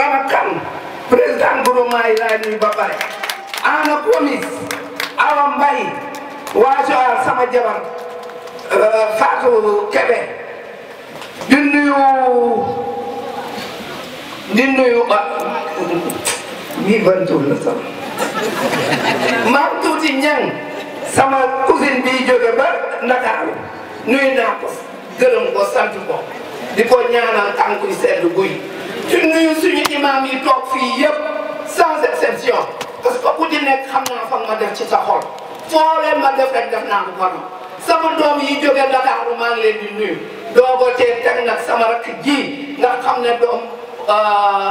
Nana Kane président groupement yi laay nuyu ba pare ana komis Awa Mbaye sama jabar euh, Fatou Kébé di nuyu di nuyu ba ah, bii ban tur la sax maam tuuti ñang sama cousine bi jóge ba Ndakaaru nuyu naa ko gërëm ko ko di ko ñaanal tànkuy sedd guy di nuyu suñu imaam yi toog fii yëpp sans exception parce que ku di nekk xam naa fan ma def ci sa xol foo leen ma def rek def naa ko sama doom yi jógee Ndakaaru maa ngi leen di nuyu doogo tee teg nag sama rakk ji nga xam ne doom euh,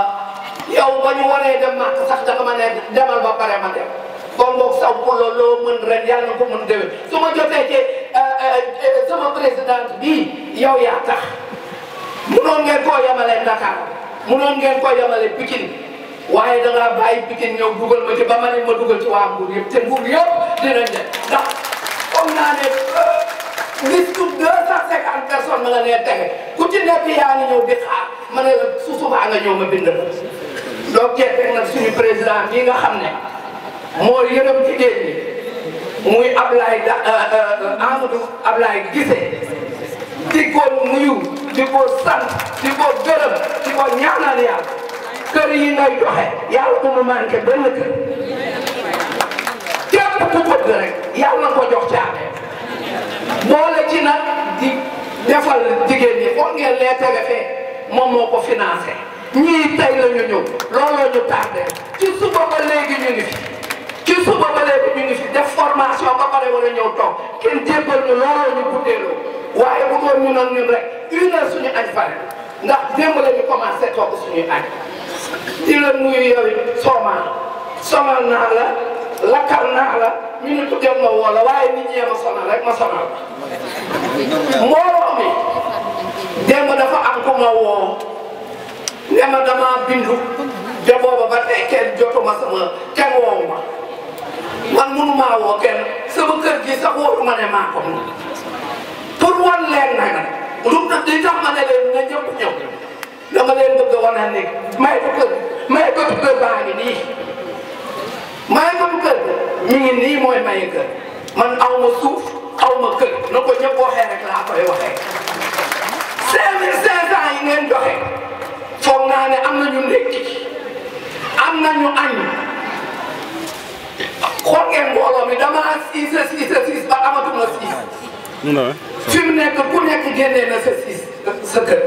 yow ba ñu waree dem màkk sax danga ma ne demal ba pare ma dem kon boog saw ko loo mën ren yàlla na ko mën déwén su ma jotee ci euh, euh, sama présidente bii yow yaa tax munoon ngeen koo yemale Ndakaaru munoon ngeen ko yemale Pikine waaye da ngaa bàyyi Pikine ñëw dugal ma ci ba ma ne ma dugal ci waa yëpp te Mbour yëpp dinañ ne ndax foog naa ne liste euh, deux cent cinquante personnes ma nga nee tege ku ci nekk yaa ngi ñëw di xaar ma ne la su subaa nga ñëw ma bind la donc jeexee suñu président bii nga xam ne moo yërëm ci géej gi muy Ablaye euh, euh, Amadou Ablaye Guissé di ko nuyu di ko sant di ko gërëm di ko ñaanal kër yi ngay joxe yàlla bu mu manqué benn kër képp ku bëgg rek yàlla na ko jox caabe boole ci nag di defal jigéen ñi foog ngeen lee tege fee moom moo ko financé ñii tey la ñu ñëw looloo ñu tardé ci suba ba léegi ñu ngi ci suba ba léegi ñu ngi fi def formation ba a ñëw toog kenn jébbal ñu looloo ñu guddeeloo waaye bu ko ñu noon ñun rek une heure suñu añ pare ndax démb la ñu togg suñuy añ di la nuyu yow soomaa naa la lakkal naa la minute dem na woo la waaye nit ñee ma sonal rek ma sonal mbooloo man mënu woo kenn sama kër gi sax wóoru ne maa ko pour wan leen nag lu tax li tax ma leen na ñëpp ñëw dama leen bëgg a wane ne may ko may ko kër may ngi nii mooy may kër man aw suuf aw ma kër na ko ñëpp waxee rek laa koy waxee. 5500 yi ngeen joxe foog naa ne am nañu ndekki am nañu añ xool ngeen mbooloo mi dama 6 6 6 ba amatuma 6. fi mu nekk ku nekk génnee na sa si sa kër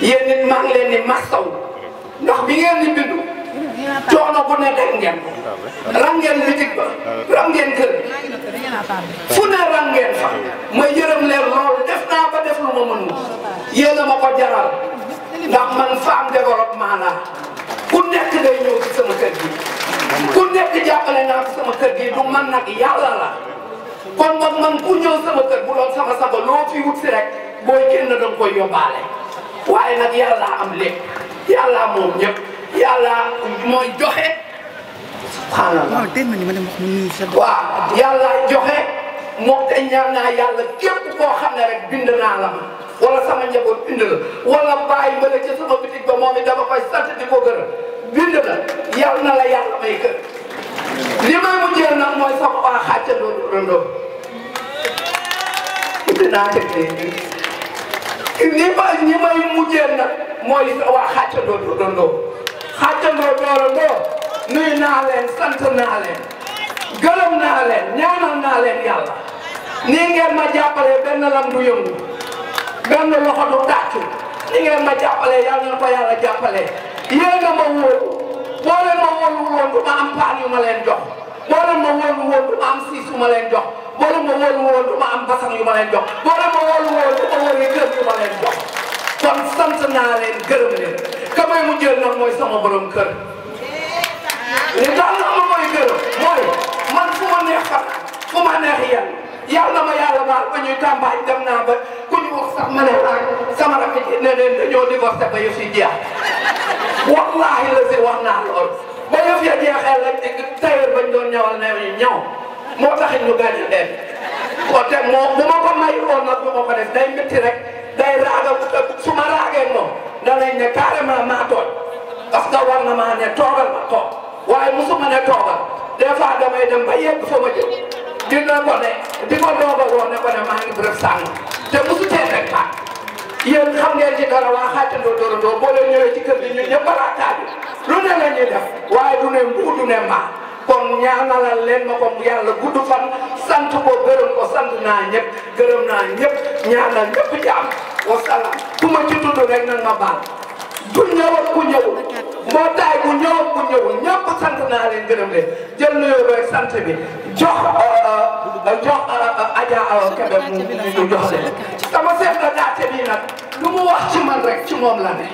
yéen it maa ngi leen di masaw ndax bi ngeen di bindu coono bu ne daj ngeen rang ngeen bitig ba rang ngeen fu ne rang ngeen fa ma yërëm leen loolu def naa ba def lu ma mënul yéen ma ko jaral ndax man femme développement la ku nekk day ñëw ci sama kër gi ku nekk jàppale naa ci sama kër du man nag yàlla la kon nag man ku ñëw sama kër bu doon sama sago loo fi wut si rek booy kenn da nga koy yóbbaale waaye nag yàlla am lépp yàlla moom ñëpp yàlla mooy joxe. subhanallah waaw dégg nga ni ma joxe moo te ñaan naa yàlla képp koo xam ne rek bind naa la wala sama njaboot bind la wala bàyyi ma la ca sama bitik ba moom it dama koy sant di ko gërëm bind la yàlla na la kër li may mujjee nag mooy sama waa xàcce loolu rëndoo. dinaa te dee ni ma ñi may mujjee nag mooy waa xàccandoo dundandoo xàccandoo doorandoo nuyu naa leen sant naa leen gërëm naa leen ñaanal naa leen yàlla nii ngeen ma jàppalee benn lam du yëngu loxo du tàccu nii ngeen ma jàppalee yàlla na ko yàlla jàppalee yéen a ma wóolu boo leen ma wóolu woon du ma ma leen jox boo ma wóolu woon du ma ma leen jox boo leen ma wóolu woon du ma am basan yu ma leen jox boo leen ma wóolu woon du ma yu ma leen jox kon sant naa leen gërëm leen ka may mujjee nag mooy sama borom kër li tax nag ma koy gërëm mooy man fu ma neex xam fu ma neex yàlla yàlla ma yàlla baal ba ñuy tàmbaay dem naa ba ku ñu wax sax ma ne ak ah, sama rakk ji ne leen dañoo divorcé ba yëf yi jeex wallaahi la si wax naa lool ba yëf ya jeexee rek tey bañ doon ñëwal ne ñu ñëw moo taxit ñu gaañu leen ko te moo bu ma ko may woon nag du ma ko def day métti rek day raaga su ma raagee moom danay ne carrément maa tooñ parce que war na maa ne toogal ma toog waaye musuma ne toogal des fois damay dem ba yegg fa ma jëm dina ko ne di ko doog a woo ne ko ne maa ngi bërëb sànq te musu tee rek ba yéen xam ngeen ci dara waa xaajandoo dorandoo boo leen ñëwee ci kër gi ñun ñëpp balaa taaju lu ne la ñuy waaye du ne mbuu du ne maa. kon ñaanalal leen ma ko yàlla gudd fan sant ko gërëm ko sant naa ñëpp gërëm naa ñëpp ñaanal ñëpp jaam wasalaam ku ma ci tudd rek nag ma baal du ñëwal ku ñëwul moo taay bu ñëwal ku ñëwul ñëpp sant naa leen gërëm leen jël nuyoo beeg sant bi jox euh, euh, euh, jox Adja Kébé mu ñu jox leen sama seet la daate bii nag mu wax ci man rek ci moom la ne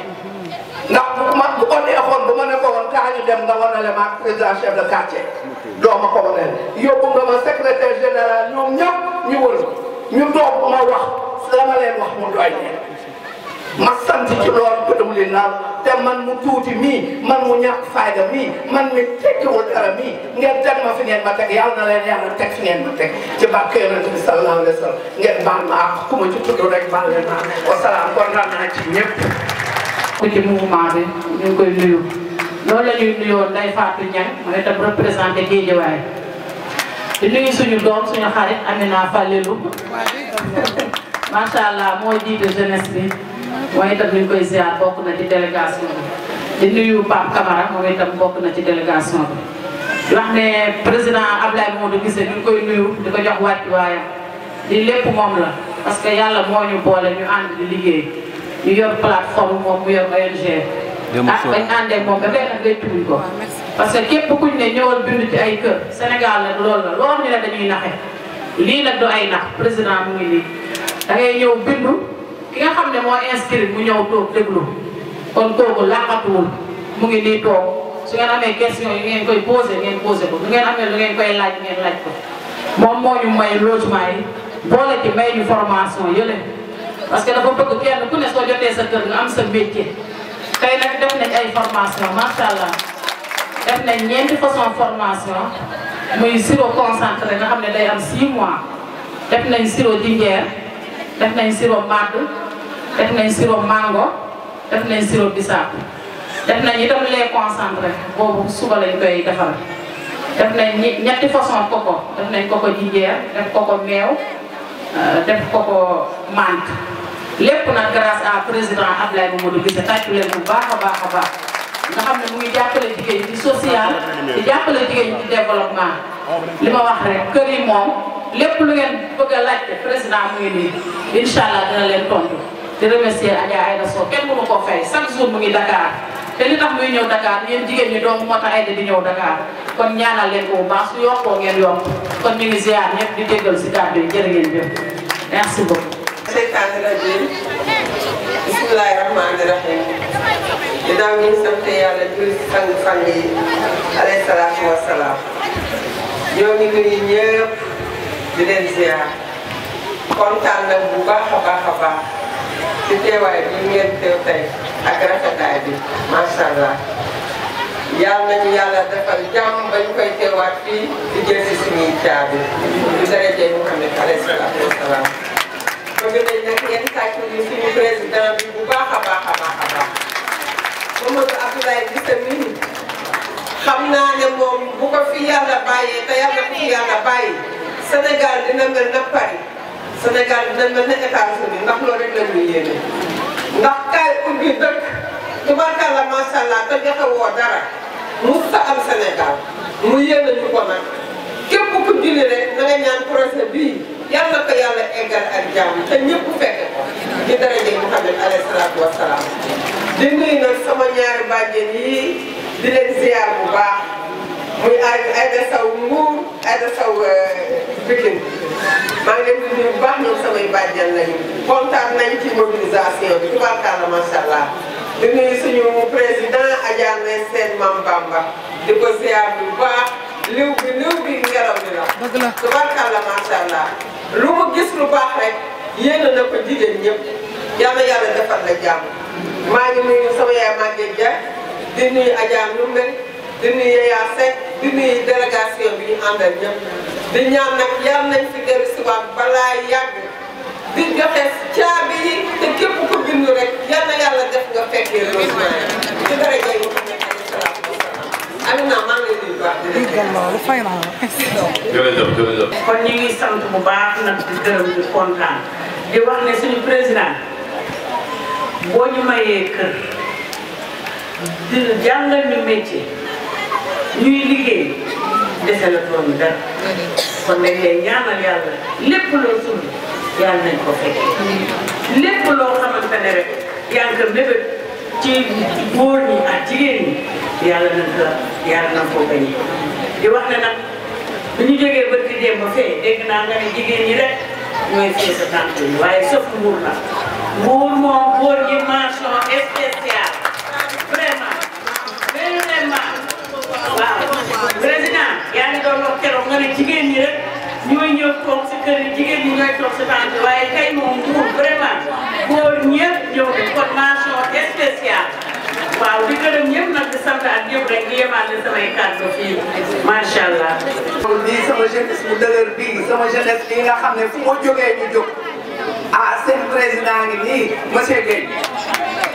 ndax bu ma bu ko neexoon bu ma ne ko kaay ñu dem nga wanale ma ak président chef de quartier doo ma ko wanale yóbbu nga ma secrétaire général ñoom ñëpp ñu wër ñu toog ma wax la ma leen wax mu doy ma sant ci loolu gëdëm li te man mu tuuti mii man mu ñàkk fayda mii man mi tekkiwul dara mii ngeen teg ma fi ma teg yàlla na leen yàlla teg fi ngeen ma teg ci barke yonent bi sallallahu a wa sallam ngeen baal ma ak ku ma ci tudd rek baal leen ma wasalaam kontaan naa ci ñëpp. ci mouvement bi ñu koy nuyu. loolu la ñuy nuyoo Ndeye Fatou Niang mooy itam représenté Guédiawaye di nuyu suñu doom suñu xarit Amina Fallelou macha allah moo jiite jeunesse bi mooy itam ñu koy ziar bokk na ci délégation bi. di nuyu Pape Camara moom itam bokk na ci délégation bi wax ne président Ablaye Modou Guissé ñu koy nuyu di ko jox wàccuwaayam di lépp moom la parce que yàlla moo ñu boole ñu ànd di liggéey ñu yor plateforme moom mu yor ONG. ak ah, bañ àndee moom ba tey nag wéccuwuñ ko ah, parce que képp kuñ ne ñëwal bind ci ay kër Sénégal nag lool la loolu ñu ne dañuy naxe lii nag du ay nax président mu ngi nii da ngay ñëw bindu ki nga xam ne moo inscrit mu ñëw toog déglu kon kooku làqatuwul mu ngi nii toog su ngeen amee question yi ngeen koy posé ngeen posé ko bu ngeen amee lu ngeen koy laaj ngeen laaj ko moom moo ñu may logement yi boole ci may ñu formation yële parce que dafa bëgg kenn ku ne soo jotee sa am sa métier tey nag def nañ ay formation macha allah def nañ ñeenti façon formation muy sirop concentré nga xam ne day am 6 mois def nañ sirop dinjeer def nañ siro màdd def nañ siro mango def nañ siro bisaab def nañ itam lait concentré boobu suba lañ koy defar def nañ ñetti façon koko def nañ koko jinjeer def koko meew euh, def koko mànd lépp na grâce à président Abdoulaye Mamadou Guissé tàccu leen bu baax a baax a baax nga xam ne mu ngi jàppale jigéen ci social di jàppale jigéen ci développement li ma wax rek kër yi moom lépp lu ngeen bëgg a président mu ngi nii incha allah dina leen tontu di remercier Adja Aïda Sow kenn mënu koo fay chaque jour mu ngi Dakar te li tax muy ñëw Dakar yéen jigéen ñi do moo tax Aïda di ñëw Dakar ko ñaanal leen ko bu baax su yokkoo ngeen yokk kon ñu ngi ziar ñëpp di déggal si kàddu yi jërë ngeen jëf merci beaucoup. seytaane rajiim bismillaahi rahmaani rahiim ginnaaw ñu sant yàlla julli si sang sang yi alayhi salaatu wa salaam ñoo ngi nuyu ñëpp di leen ziar kontaan na bu baax a baax a baax ci teewaay bi ngeen teew tey ak rafetaay bi macha allah yàlla nañu yàlla defal jàmm ba ñu koy teewaat fii di jël si suñuy caabi di darajee Muhammad alayhi salaatu ba jógee nag ngeen tàccu ñu suñu président bi bu baax a baax a baax a baax Mamadou Abdoulaye Dissa mi xam naa ne moom bu ko fi yàlla bàyyee te yàlla ko fi yàlla bàyyi Sénégal dina mel na Paris Sénégal dina mel na États-Unis ndax loolu rek la ñuy yéene ndax kaay ubbi dëkk tubarkalla macha allah te joxe woo dara musta am Sénégal mu yéene ñu ko nag képp ku julli rek na nga ñaan projet bii. yal na ko yàlla eggal ak jàmm te ñëpp fekk ko ci daraje Muhammad alayhi salaatu wa salaam di nuyu nag sama ñaari bàjjen yi di leen ziar bu baax muy Aïda Sow Mbour Aïda Sow Bikin euh, maa ngi leen di nuyu bu baax ñoom samay bàjjen lañu kontaan nañ ci mobilisation bi tubaarkàlla macha allah di nuyu suñu président Adja Ndeye Sène Mame Bamba di ko ziar bu baax. liw bi liw bi ngelaw li la. dëgg la tubarkalla macha allah lu mu gis lu baax rek yéene na ko jigéen ñëpp yàlla yàlla defal la jàmm. maa ngi nuyu sama yaay Maguette Dia di nuyu Adja Ndoumbé di nuyu Yaya Seck di nuyu délégation bi ñu àndal di ñaan nag yàlla nañ fi dellu si waat balaa yàgg di joxe caabi yi te ku bindu rek yàlla yàlla def nga fekkee loolu ci dara jëriñu ko nekk Amina maa ngi lay nuyu bu baax di leen. déggal loolu fay naa la. jërëjëf jërëjëf. kon ñu ngi sant bu baax nag di gërëm di kontaan di wax ne suñu président boo ñu mayee kër di jàngal ñu métier ñuy liggéey dese la doon dara kon dañ lay ñaanal yàlla lépp loo sumb yàlla nañ ko fekkee lépp loo xamante ne rek yaa e ngi ko mébét ci góor ñi ak jigéen ñi yàlla na ko yàlla na ko gañ di wax ne nag bu ñu jógee bët gi démb fee dégg naa nga ne jigéen ñi rek ñooy fee sa tànk yi waaye sëf nguur la nguur moom góor ñi mention spéciale vraiment vraiment waaw président yaa ngi doon wax keroog nga ne jigéen ñi rek ñooy ñëw toog si kër yi jigéen ñi ñooy toog si tànk waaye tey moom pour vraiment góor ñëpp ñëw nañ formation waaw di gërëm ñëpp nag di sant ak a rek di yemaale samay kàddu fii macha allah. lii sama jeunesse bu dëgër bii sama jeunesse bii nga xam ne fu ma jógee ñu jóg ah seen président ngi nii monsieur Guèye.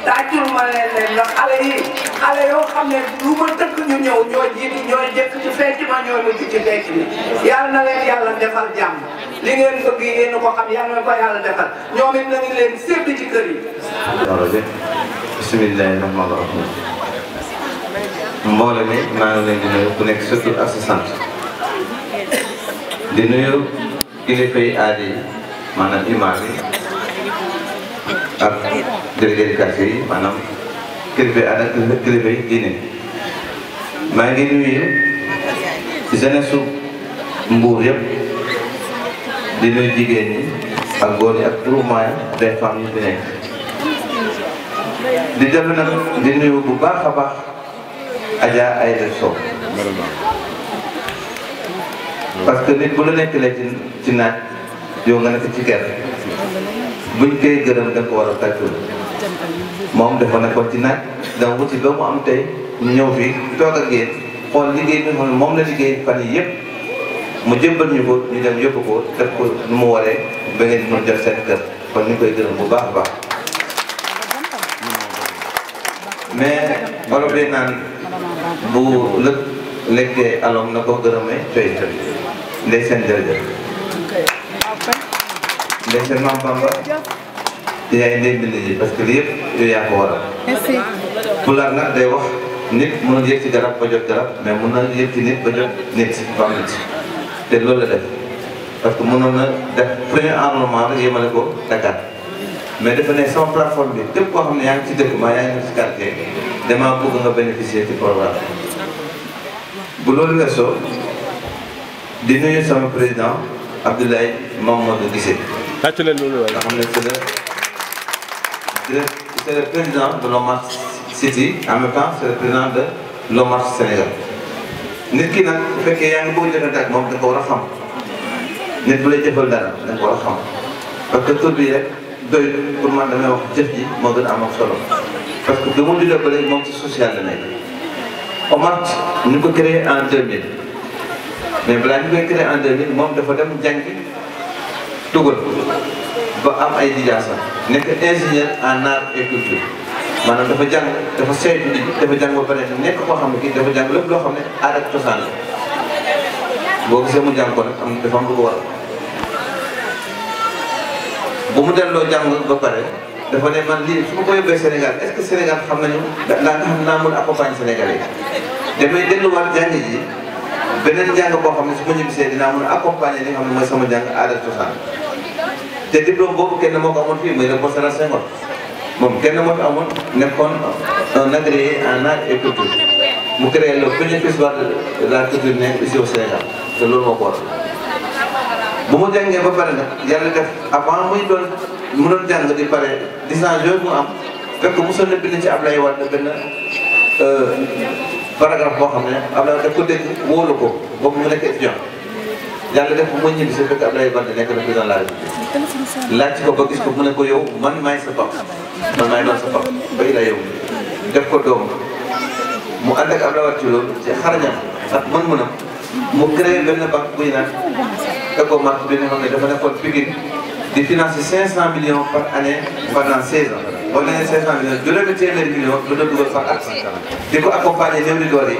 tàccul ma leen leen ndax yi xale yoo xam lu ma dëkk ñu ñëw ñoo jiitu ñoo jëkk ci fecc ma ñoo mujj ci fecc bi yàlla na leen yàlla defal jàmm li ngeen bëgg yéen a ko xam yàlla ko yàlla defal ñoom it nañu leen sédd ci kër yi. rajo rahim ngi di nuyu ku nekk surtout ak sa sant di nuyu ak jërëjëf éducation manam maanaam kilifa yi ànd ak kilifa yi diine maa ngi nuyu jeunesse su Mbour yëpp ya. di nuyu jigéen ñi ak góor ñi ak groupement des femmes yi fi di dellu nag di nuyu bu baax a baax Adja Aïda parce que nit bu la nekkalee ci ci naaj yow nga ci buñ da ko moom defoon na ko ci naaj dama wuti ba mu am tey ñu ñëw fii toog ak yéen xool liggéey bi nga moom la liggéey fan yi yëpp mu jëbbal ñu ko ñu dem yóbbu ko def ko nu mu waree ba ngeen di mën def seen kër kon ñu koy gërëm bu baax a baax mais wala day naan bu lëkk lekkee alom na ko gërëmee coy coy ndey seen jërëjëf ndey ya indi bindi yi parce que lii yëpp yooyu yaa ko waral. merci. lar nag day wax nit mënul yëg ci garab ba jot garab mais mën na yëg ci nit ba jot nit ba am nit te loolu la def parce que mënoon na def premier enrôlement rek yemale ko Dakar mais dafa ne sama plateforme bi képp koo xam ne yaa ngi ci dëkk ma yaa ngi ci quartier damaa bëgg nga bénéficier ci programme bu loolu weesoo di nuyu sama président Abdoulaye Mamadou Guissé. tàcc leen loolu waaye nga xam ne c'est le président de l'OMAS City en même temps c'est Sénégal nit ki nag bu fekkee yaa ngi bëgg jëfante ak moom da ko war a xam nit bu lay jëfal dara da ko war a xam parce que tur bi rek doy pour man damay wax jëf ji moo gën a am solo parce que bi mu juddoo ba léegi moom ci social la nekk OMAS ñu ko créé en 2000 mais balaa ñu koy créé en 2000 moom dafa dem jàngi tugal ba am ay lijaasa nekk ingénieur en art et maanaam dafa jàng dafa saytu di dafa jàng ba pare nekk koo xam ne kii dafa jàng lépp loo xam ne aada ak mu jàng ko nag am am lu ko waral bu mu delloo jàng ba pare dafa ne man lii su ma ko yóbbee Sénégal est-ce que Sénégal xam nañu ndax nga xam naa mën accompagner Sénégalais yi damay delluwaat jàng ji beneen jàng boo xam ne su ma ñibbisee dinaa mën a accompagner li nga xam ne mooy sama jàng aada cosaan te diplôme boobu kenn moo ko amoon fii muy Léopold Sédar Senghor moom kenn moo fi amoon nekkoon un agréé en art et culture mu créé le premier festival de la culture ne ici au te loolu moo ko bu mu jangee ba pare nag yàlla def avant muy doon mu doon jàng di pare dix ans mu am fekk mosoon na bind ci Ablaye Wade benn euh, paragraphe boo xam ne Ablaye daf ko dégg wóolu ko boobu mu nekk étudiant yàlla def bu ma ñibbi si fekk Abdoulaye Wade nekk na président de la République laaj ko ko mu ne ko man maay sa pap man maay doon sa pap bay la yow def ko doom mu ànd ak Abdoulaye Wade ci loolu ci xarañam ak mën-mënam mu créé benn banque buy naan Ecobank bi nga xam ne dafa nekkoon Pikine di financer 500 millions par année pendant 16 ans. boo nee 500 millions juróomi téeméeri millions lu doon dugal par at di ko accompagner néew di doole yi.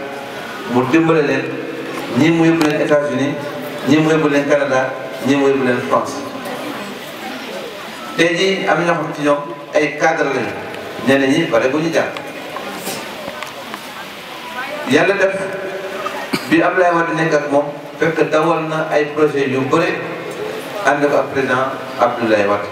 pour dimbale leen ñii mu yóbbu leen États-Unis ñii mu yóbbu leen Canada ñii mu yóbbu leen France tey jii am ñoo xam ci ñoom ay cadre lañu ñeneen ñi bare bu ñu jàng yàlla def bi Abdoulaye Wade nekk ak moom fekk dawal na ay projet yu bëri ànd ko ak président lay Wade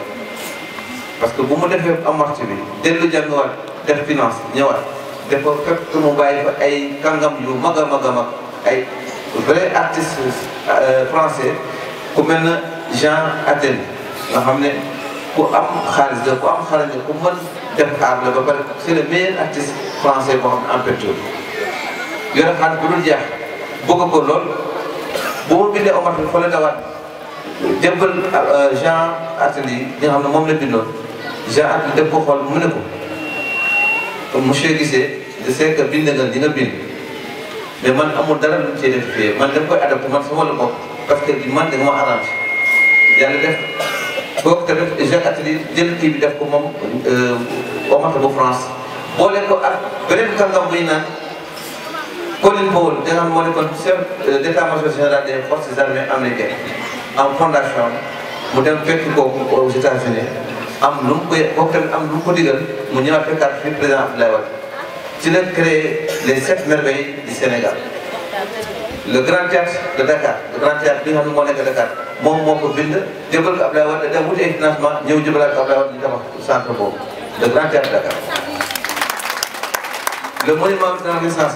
parce que bu mu defee am waxtu bi dellu jàngiwaat def finance ñëwaat dafa fekk mu bàyyi fa ay kàngam yu mag a mag a mag ay vrai artiste euh, français ku mel na Jean Atel nga xam ne ku am xaalis la ku am xaalis ku mën def aar la ba pare c'est le meilleur artiste français boo xam ne en peinture yore xaalis bu dul jeex bëgg ko lool bu ma bindee Omar bi fa la dawaat jébbal euh, Jean Atel yi nga xam ne moom la bindoon Jean Atel def ko xool mu ne ko monsieur Guissé je sais que bind nga li nga bind mais man amul dara lu ci def man dem koy adapté man sama la bopp parce que man da nga ma arrangé yàlla def boo te def Jacques kii bi def ko moom omata euh, bu France boole ko ak beneen kàngam buy naan Colin Powell da nga xam moo nekkoon chef euh, détat am lu mu koy am lu mu ko digal mu ñëwaat fekkaat fi président Abdoulaye Wade ci la créé les sept merveilles du Sénégal le grand théâtre de Dakar le grand théâtre bi nga xam ne moo nekk Dakar moom moo ko bind jëbal ko Abdoulaye Wade dem wuti ay financement ñëw jëbalaat ko le grand théâtre de Dakar le monument de la Renaissance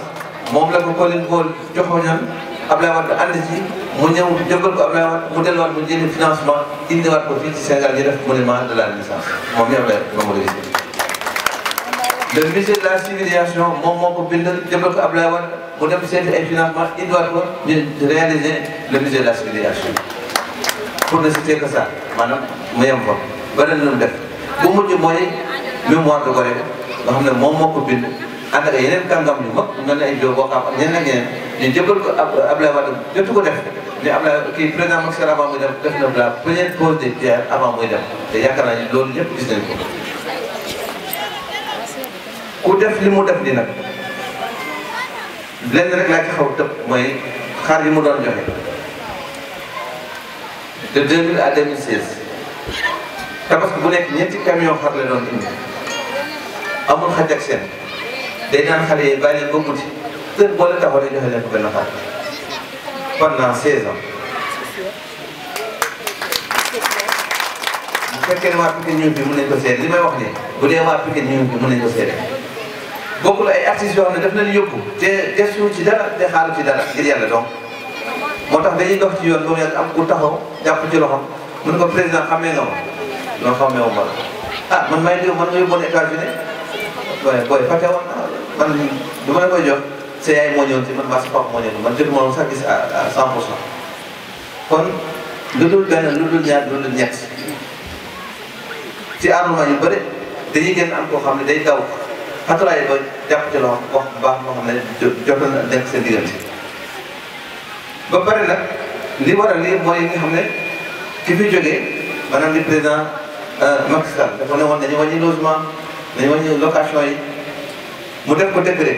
moom la ko Colin Paul joxoñan Abdoulaye Wade ànd ci mu ñëw jëbal ko Abdoulaye Wade mu delluwaat mu jëli financement indiwaat ko fii ci Sénégal ñu def monument de la Renaissance moom ñoo xam ne moom la le ministre de la civilisation moom moo ko bindoon jëmbal ko Abdoulaye Wade mu dem seeti ay financement indiwaat ko ñu réaliser le musée de la civilisation pour ne citer que ça maanaam mu yem fa beneen lu def bu mujj mooy mémoire de Gorée noo xam ne moom moo ko bind ànd ak yeneen kàngam yu mag mel ne ay joo boo xam ak ñeneen ak ñeneen ñu jëmbal ko Abdoulaye Wade jotu ko def mais Abdoulaye kii président Macky Sall avant muy dem def na la première pause de pierre avant muy dem te yaakaar naa ni loolu ñëpp gis ku def li mu def di nag lenn rek laa ci mooy xar yi mu doon joxe de 2000 à 2016 tabaski bu nekk ñetti camion xar la doon indi amul xaj ak seen day naan xale yi bàyyi ba guddi kër boo la taxaw joxe leen ko benn xar pendant 16 ans bu fekkee ne waa Pikine ñu ngi fi mën nañu li may wax nii bu dee waa Pikine ñu ngi fi mën nañu ko seede. la ay artistes yoo xam ne daf leen yóbbu te desul ci dara te xaaru ci dara ngir yàlla donc moo tax dañuy dox ci yoon boobu yàgg am ku taxaw jàpp ci loxoom man ko président xamee ne ma non xamee wu ma la ah man may déglu man nga yóbbuwoon États-Unis waaye booy fàtte woon du ma la koy jox sa yaay a ñëwoon ci man maa sa papa moo ñëwoon man jotuma woon sax gis à à 100 pour cent kon lu dul benn lu dul ñaar lu dul ñett ci arrondissement koo xam ne day daw. xatalaay ba jàpp ci loxo wax bu baax moo xam ne jot na nekk seen diggante ba pare nag li waral mooy nga xam ne ki fi jógee maanaam li président euh, Macky Sall dafa ne woon nañu wàññi logement nañu wàññi location yi mu def ko décret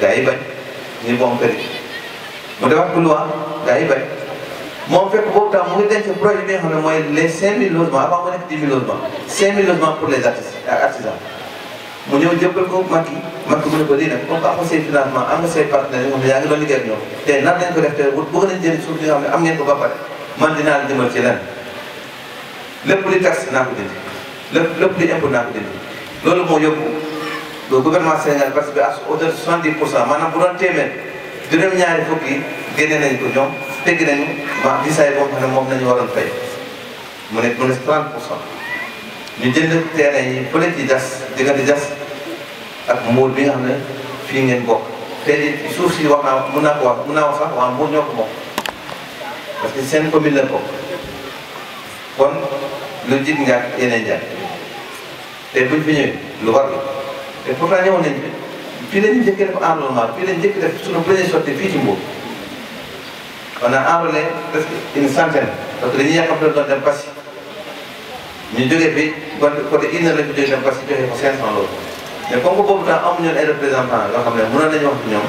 gaa yi bañ ñu bon kër yi mu defaat ko loi gaa yi bañ moom fekk boobu tam mu ngi denc projet bi nga xam ne mooy les 5000 logements avant mu nekk 10 000 logements 5000 logements pour les artistes ak mu ñëw jëppal ko Macky Macky mu ne ko lii nag comme que amoo say financement am nga say partenaires yoo xam ne yaa ngi doon liggéey ñoom te nan lañ ko def te bëgg nañ jëriñ suuf bi nga xam ne ko ba pare man dinaa la jëmal ci lenn lépp li taxe naa ko dindi lépp lépp li impôt naa ko dindi loolu moo yóbbu le gouvernement Sénégal parce que à hauteur de 70 pour cent maanaam bu doon téeméer juróom ñaari fukk yi nañ ko ñoom tegg nañu ma gisaay boo xam ne moom nañu waroon fay mu ne mu ne 30 pour ñu jënd terrain yi fële ci jas diggante jas ak mbuur bi xam ne fii ngeen bokk te di suuf si wax naa mun naa ko wax mun naa wax sax waa mbuur ñoo ko bokk parce que seen commune la bokk kon lu jig nga yeneen jaar te buñ fi ñëwee lu war la te pourtant ñëwoon nañ fi fii lañu njëkk def enrôlement fii lañu njëkk def suñu premier sortie fii ci Mbour on a presque une centaine parce que dañuy yàqam doon doon dem Passy ñu jógee bi kon côté une heure la ñu jógee dem parce que joxe ko 500 loolu mais comme que boobu temps amuñu ay représentant yoo xam ne mënoon nañu wax ñoom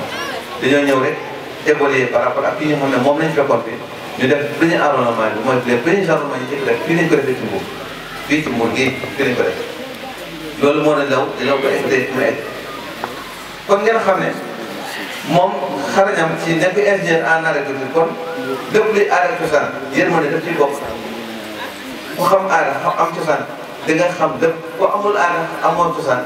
dañoo ñëw rek évoluer par rapport ak ki ñu xam ne moom lañ fekkoon fi ñu def premier arrondissement bi mooy les premiers arrondissement yi ñu def fii lañ ko defee ci Mbour fii ci Mbour gii fii lañ ko def loolu moo leen daw dañoo ko invité mu egg kon ngeen xam ne moom xarañam ci nekk ingénieur en agriculture kon lépp luy aar ak cosaan yéen moo ne def ci bopp ku xam aada xam am cosaan di nga xam lépp ku amul aada amoon cosaan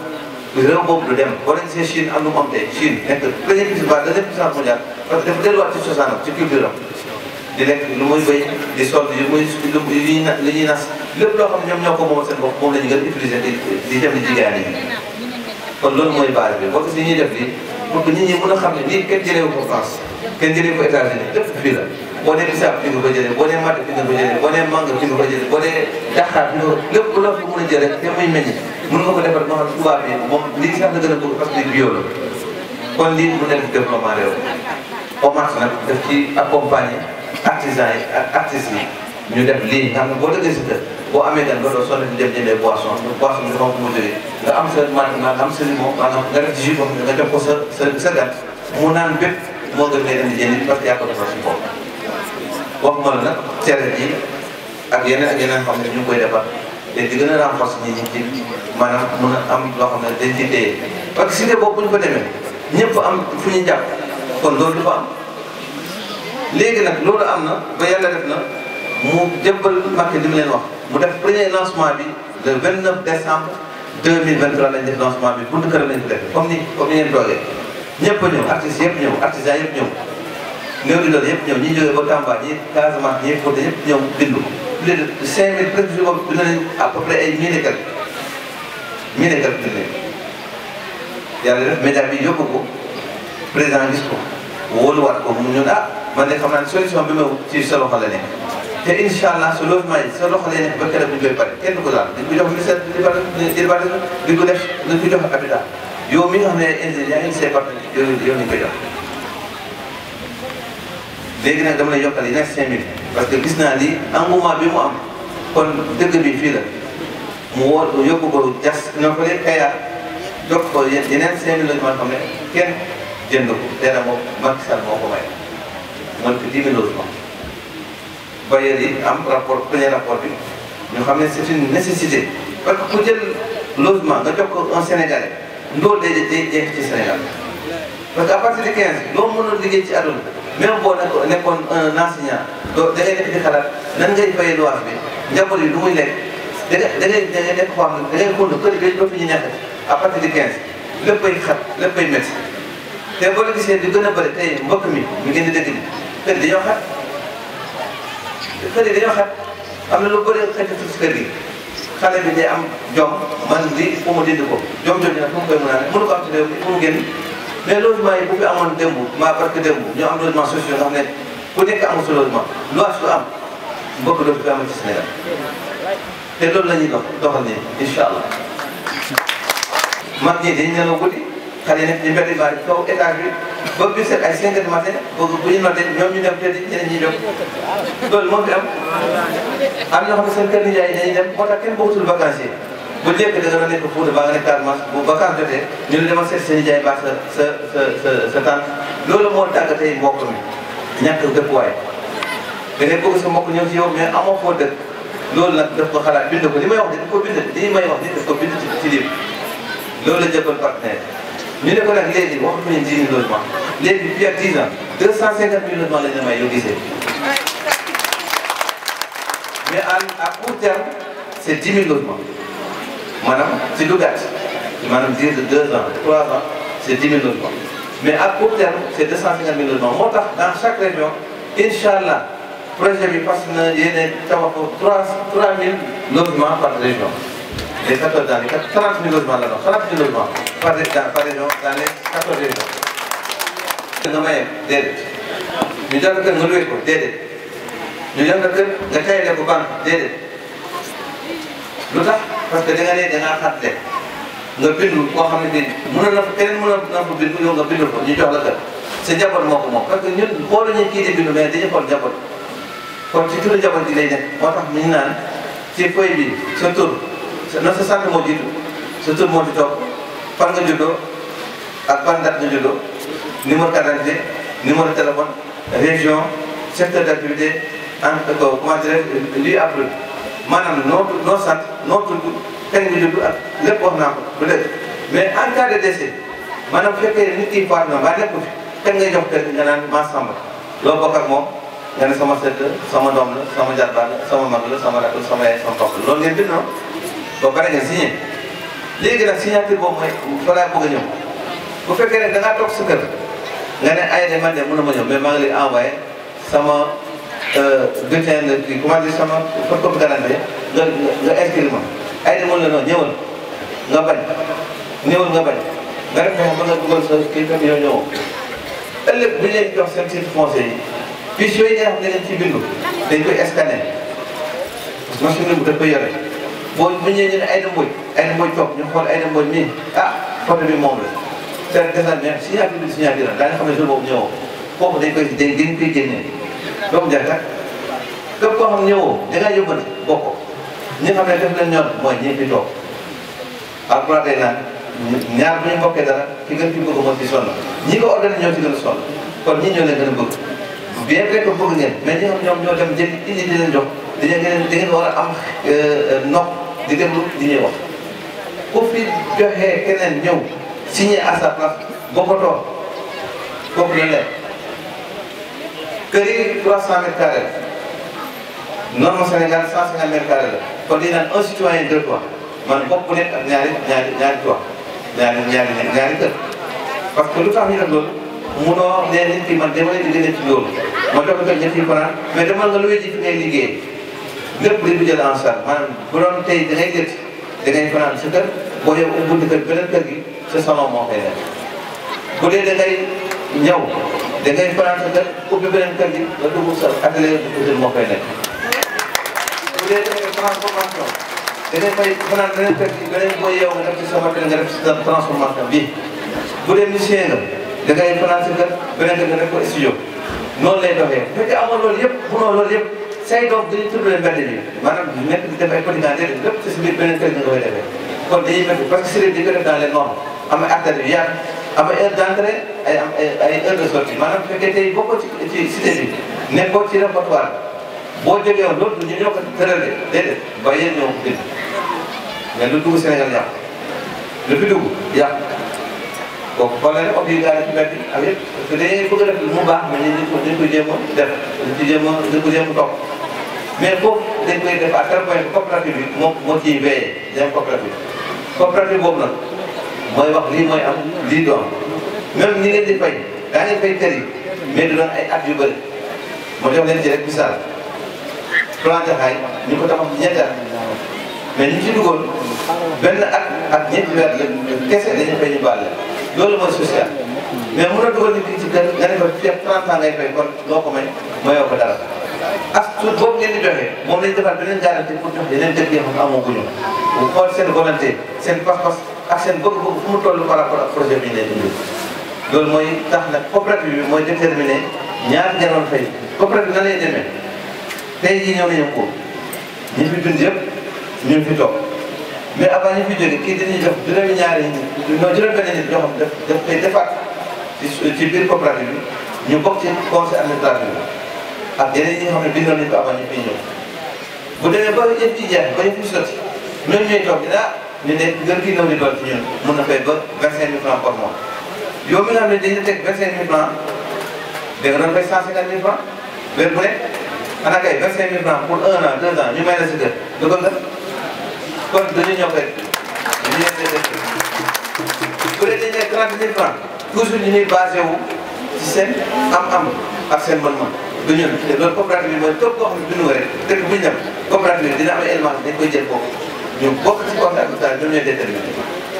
réew boobu du dem boo leen gisee Chine am lu mu am tey Chine nekk premier puissance deuxième puissance mondiale cosaanam ci culture am di lekk lu muy béy di sol yu ñuy na lépp loo xam ñoom ñoo ko moom seen bopp moom la ñu gën a utiliser di di def ni jigéen ñi kon loolu mooy base bi boo gis ni ñuy def lii pour que nit a xam ne nii kenn jëlee ko France kenn jëlee ko États-Unis lépp fii la. boo dee bisaab fi nga ko jëlee boo dee matt fi nga ko mango fi nga a jëlee te muy ko defar ba xam tubaab bi moom lii sax la gën a bëgg la kon lii mu nekk développement réew OMAS nag daf ci accompagner artisans yi ak artistes yi ñu def lii xam nga boo dëggee si kër boo amee gan ba doo sonn di dem jëndee boisson boisson bi am fu mu jógee nga am sa maanaam nga def nga jox ko sa sa sa gan mu naan bépp moo gën ngay indi jëndi parce que yaa ko defar si bopp waxuma la na cere bi ak yeneen ak yeneen xam ne ñu ngi koy defar te di gën a renforcer nit ñi ci maanaam mën am loo xam ne dañ ciy téye parce que cité boo bu ñu ko demee ñëpp am fu ñu jàpp kon loolu du fa am. léegi nag loolu am na ba yàlla def na mu jëbbal Macky li mu leen wax mu def premier lancement bi le 29 décembre 2023 lañ def lancement bi bunt kër lañ ko def comme ni comme ni ngeen toogee ñëpp a ñëw artistes yëpp ñëw artisans yëpp ñëw. néew di doon yëpp ñëw ñi jógee ba Tamba ñi Casamance ñi yëpp côté yëpp ñëw bindu ko. bu dee de 5000 presque moom dina leen à peu près ay mille et quelques mille et quelques dina yàlla def média bi yóbbu ko président gis ko wóoluwaat ko mu ñun ah man de xam naa ne solution bi ma ci sa loxo la nekk. te incha allah su logement yi sa loxo lay nekk ba keroog ñu koy pare kenn du ko laal dañ ko jox ministère de l'urbanisme di ko def dañ ko jox habitat yow mi nga xam ne ingénieur yi seen partenaires yow ni ñu koy jox. léegi nag dama lay yokkal yi nag cinq mille parce que gis naa ni engouement bi mu am kon dëkk bi fii la mu woo yokku ko jas ñoo ko leen kayaat jox ko yeneen cinq mille logement xam ne kenn jënd ko dara moom Macky Sall moo ko may mooy que dix mille logement bailleurs yi am rapport premier rapport bi ñu xam ne c' est une nécessité parce que ku jël logement nga jox ko un Sénégalais loolu day day jeex ci Sénégal parce que à partir de quinze loo mënoon liggéey ci àdduna même boo nekkoon un enseignant doo da ngay nekk di xalaat nan ngay fay loyer bi njaboot yi lu muy lekk da ngay da ngay da ngay nekk foo xam ne da ngay kër de 15 di gën a bëri tey mbokk mi mi ngeen di dégg ni kër yi dañoo xat kër dañoo xat am na lu bëri xëcc ci kër xale bi day am jom man di fu mu dindi ko jom jom ñu nag fu mu koy mën a mënu ko am ci réew fu mu génn mais logement yi bu fi amoon démb maa barke démb ñoo am logement sociaux ndax ne ku nekk amul sa logement loi su am mbokk dootu fi amoon ci Sénégal te loolu la ñuy dox doxal nii incha allah. mag ñi dañu nelaw guddi xale yi nekk ñu mbedd bari kaw étage bi ba bu set ay 5 heures matin bu bu ñu noté ñoom ñu dem tëdd ñeneen ñi dem loolu moo fi am am na xam ne seen kër nijaay yi dañuy dem moo tax kenn bëggatul vacancier bu njëkk da nga nekk Fuuta baa nga nekk Casamance bu Bakar jotee ñu ne dama seet sa nijaay baax sa sa sa sa sa tànk loolu moo tàggatee mbokk mi ñàkk dëkkuwaay da ngay bëgg sa ko ñëw ci yow mais amoo foo dëkk loolu nag daf ko xalaat bind ko li may wax de daf ko bind li may wax ni ko bind ci ci livre loolu la jëbbal partenaire ñu ne ko nag léegi waxuñu ne diini logement léegi fii ak 10 ans 250 000 logements lañ la may yoo gisee mais à à court terme c'est 10 Madame, c'est l'Ougat. Madame dit de 2 ans, trois ans, c'est 10 000 logements. Mais à court terme, c'est 250 000 logements. Dans chaque région, Inch'Allah, le projet de a 3 000 logements par région. Les 14 30 000 logements là-dedans, 30 000 logements par région, par dans les 14 régions. Le nom Nous avons que nous avons Nous avons que nous avons lu tax parce que da nga ne da nga bindu koo xamante ni mënoon na fa keneen mënoon na fa bindu yow nga bindu ñu jox la kër sa njaboot moo ko moom parce que ñun xooluñu kii di bindu mais dañu xool njaboot kon ci turu njaboot gi lay nekk moo tax ñu naan ci koy bi sa tur na sa sant moo jiitu sa tur moo ci toog fan nga juddoo ak ban date nga juddoo numéro carte d'identité numéro téléphone région secteur d'activité en comment dirais-je lieu maanaam noo noo sant noo tudd kañ nga judd ak lépp wax naa ko bu dëgg mais en cas de décès maanaam bu fekkee nit ki faat na mbaa nekk fi kañ ngay kër nga naan maa samba loo bokk ak moom nga ne sama sët la sama doom la sama jarbaat la sama mag la sama rakk la sama yaay sama papa la loolu ngeen bind noonu ba pare ngeen signé léegi nag signature boobu mooy fa laa bëgg a ñëw bu fekkee ne da ngaa toog sa kër nga ne ay man de mën na ma ñëw mais maa ngi lay envoyé sama. Euh, bulletin nga kii comment dire sama comme garantie nga nga inscrire ma ay de mën la noonu ñëwal nga bañ ñëwal nga bañ nga def ba nga dugal sa kii fekk yow ñëwoo ëllëg bi leen jox seen titre foncier yi fiche yooyu nga xam ne dañ ci bindu dañ koy scanner machine bi da koy yore boo bu ñëwee ñu ne ah, moom la c'est-à-dire signature bi ñëwoo kooku dañ koy dañ koy génnee doomu jaay takk képp koo xam ñëwoo da ngaa yóbbante bokk ñi xam ne def leen ñor mooy ñi fi toog alxuraan day naan ñaar bu ñu bokkee dara ki gën ci bëgg moo ci sonn ñi ko ordonné ñoo ci gën a sonn ñi ñoo leen gën a bëgg bien vrai ngeen mais ñi xam ñoom ñoo dem jël indi di leen jox di ngeen di ngeen war am no di déglu di ñuy wax ku fi joxee keneen ñëw signé à sa place bokkatoo kooku la leer kër yi 300 mètres carrés la norme Sénégal 150 mètres carrés la kon dañu naan un citoyen deux toits man bopp bu nekk ak ñaari a ñaari toit ñaari ñaari ñaari kër parce que lu tax ñu def loolu munoo nee nit man dama leen di déglu ci loolu ma toog kër ñetti fanaan mais demal nga luwee ji fi ngay liggéey lépp dañu jël en charge maanaam bu doon tey da ngay jël da ngay fanaan sa kër boo yow ubbi kër beneen kër gi sa salon moo koy def bu ñëw da ngay faral sa kër ubbi beneen kër gi nga dugg sa atelier bu utile moo fay nekk. bu dee da ngay transformation da ngay fay fanaan beneen kër gi beneen booy yow nga def ci sama kër nga def ci sa transformation bi bu dee musicien nga da ngay fanaan sa kër beneen kër nga def ko studio noonu lay doxee bu fekkee amoon loolu yëpp mënoo loolu yëpp say doom dañuy tuddee mbedd bi maanaam du nekk di def ay potinaan déedéet lépp ci biir beneen kër gi nga koy defee kon dañuy mel parce que si di ko def dans les normes am ay acteurs yu yàgg am ay heure d' entrée ay am ay ay heure de sortie maanaam bu fekkee tey bokkoo ci ci cité bi nekkoo ci répertoire boo jógee woon loolu ñu ñoo ko tëralee déedéet ba yéen ñoo ko mais lu dugg Sénégal yàq lu fi dugg yàq kooku xool na ne oto yi daal di ci benn ak yëpp parce que dañuy bëgg a def mu baax mais dañ ko dañ ko jéem a def dañ ko jéem a dañ ko jéem a topp mais foofu dañ koy def à tel point que coopérative bi moo moo ciy veillé dañ coopérative coopérative boobu nag. mooy wax lii mooy am lii du am même ñi ngeen di fay daa ngeen fay kër yi mais du doon at yu bëri ma jox leen ci rek misaal plan ko taxaw ñetti at mais ñu ci duggoon at ak ñetti weer la kese dañu fay ñu baal la loolu mooy social mais mun a dugal nit ñi ci benn nga ne ko def 30 ans ngay fay kon noo ko may mayoo ko dara as tuut boobu ngeen di joxe moom lañ defar beneen garanti pour jox yeneen dëkk yoo xam amoo ak seen bëgg-bëgg fu mu toll par rapport projet bi ñu lay loolu mooy tax nag coopérative bi mooy déterminer ñaar jaroon fay coopérative nan lay demee tey jii ñoo ko ñu fi dund yëpp ñu ngi fi mais avant ñu fi kii dañuy def juróomi ñaari nit non juróomi benn xam daf daf koy defaat ci ci biir coopérative bi ñu bokk ci conseil administratif bi ak yi nga xam ne bindoon nañu ko avant ñu ñëw bu demee ba yëf ci jeex ba yëf ci ñu ne gën gi néew di doon ci mun na fay ba vingt cinq mille francs par mois yow mi nga xam ne dañu teg vingt cinq mille francs da nga doon fay cent cinquante mille francs bu nekk xanaa kay vingt cinq mille pour un an deux ans ñu may la si kër dëgg nga kon dañu ñëw rek dañu ñëw rek dëkk bu dee dañu ne toujours ñu ñuy basé wu ci seen am-am ak seen mën-mën du ñun te loolu coopérative bi mooy képp koo xam ne dund rek dëkk bu ñu dem coopérative bi am ay éléments dañ koy jël ñu bokk ci conseil administratif ñoom ñooy déterminé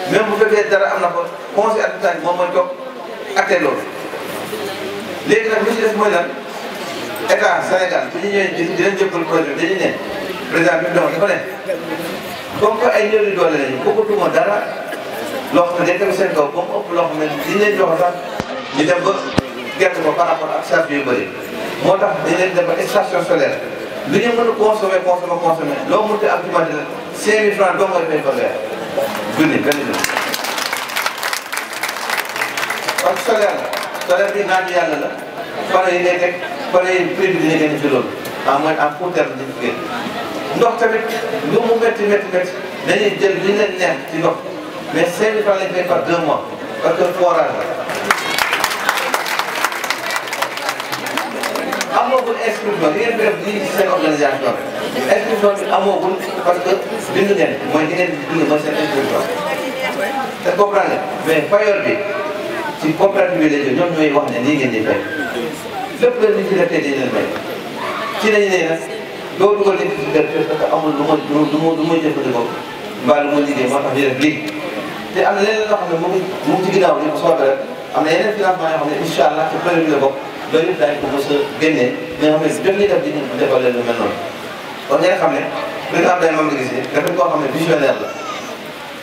même bu fekkee dara am na ko conseil administratif moom mooy toog acté loolu. léegi nag li ci des mooy lan état Sénégal bu ñu ñëwee di leen jëppal projet dañu ne président bi doon dafa ay néew doole lañu bëggatuma dara loo xam ne tegu seen kaw ba mu ëpp loo xam ne ñu leen jox sax ñu dem ba gerte ko par rapport ak charge yu bëri. moo tax dañ leen dem ba station solaire lu ñu mën a consommer consommer consommer loo mënut a am ci cinq mille francs doo koy fay solaire junni benn junni parce que solaire la solaire bi naaju yàlla la pare yi day teg pare yi prix bi dina génn ci loolu en moins en court terme dañ ko génn ndox tamit lu mu métti métti métti dañuy jël li leen neex ci ndox mais cinq mille parce que forage amagul inscription li ngeen def nii seen organisation inscription bi amagul parce que bind ngeen mooy li ngeen di bind mooy seen inscription. te comprendre mais payoor bi ci coopérative bi la jóg ñoom ñooy wax ne nii ngeen di fay lépp lépp lu ci def tey dañu leen fay ci lañu ne nag doo dugal nit ci def parce que amul lu ma lu ma lu ma jëfandikoo mbaa lu ma liggéey moo tax ñu def lii te am na leneen loo xam ne mu ngi mu ngi ci ginnaaw bi bu soobee rek am na yeneen financement yoo xam ne incha allah ci période la bokk. loolu yëpp daañu ko mos a génnee nga xam ne jot nañu def di lu mel noonu kon nga xam ne président Abdoulaye Mamadou Guissé dafa koo xam ne visionnaire la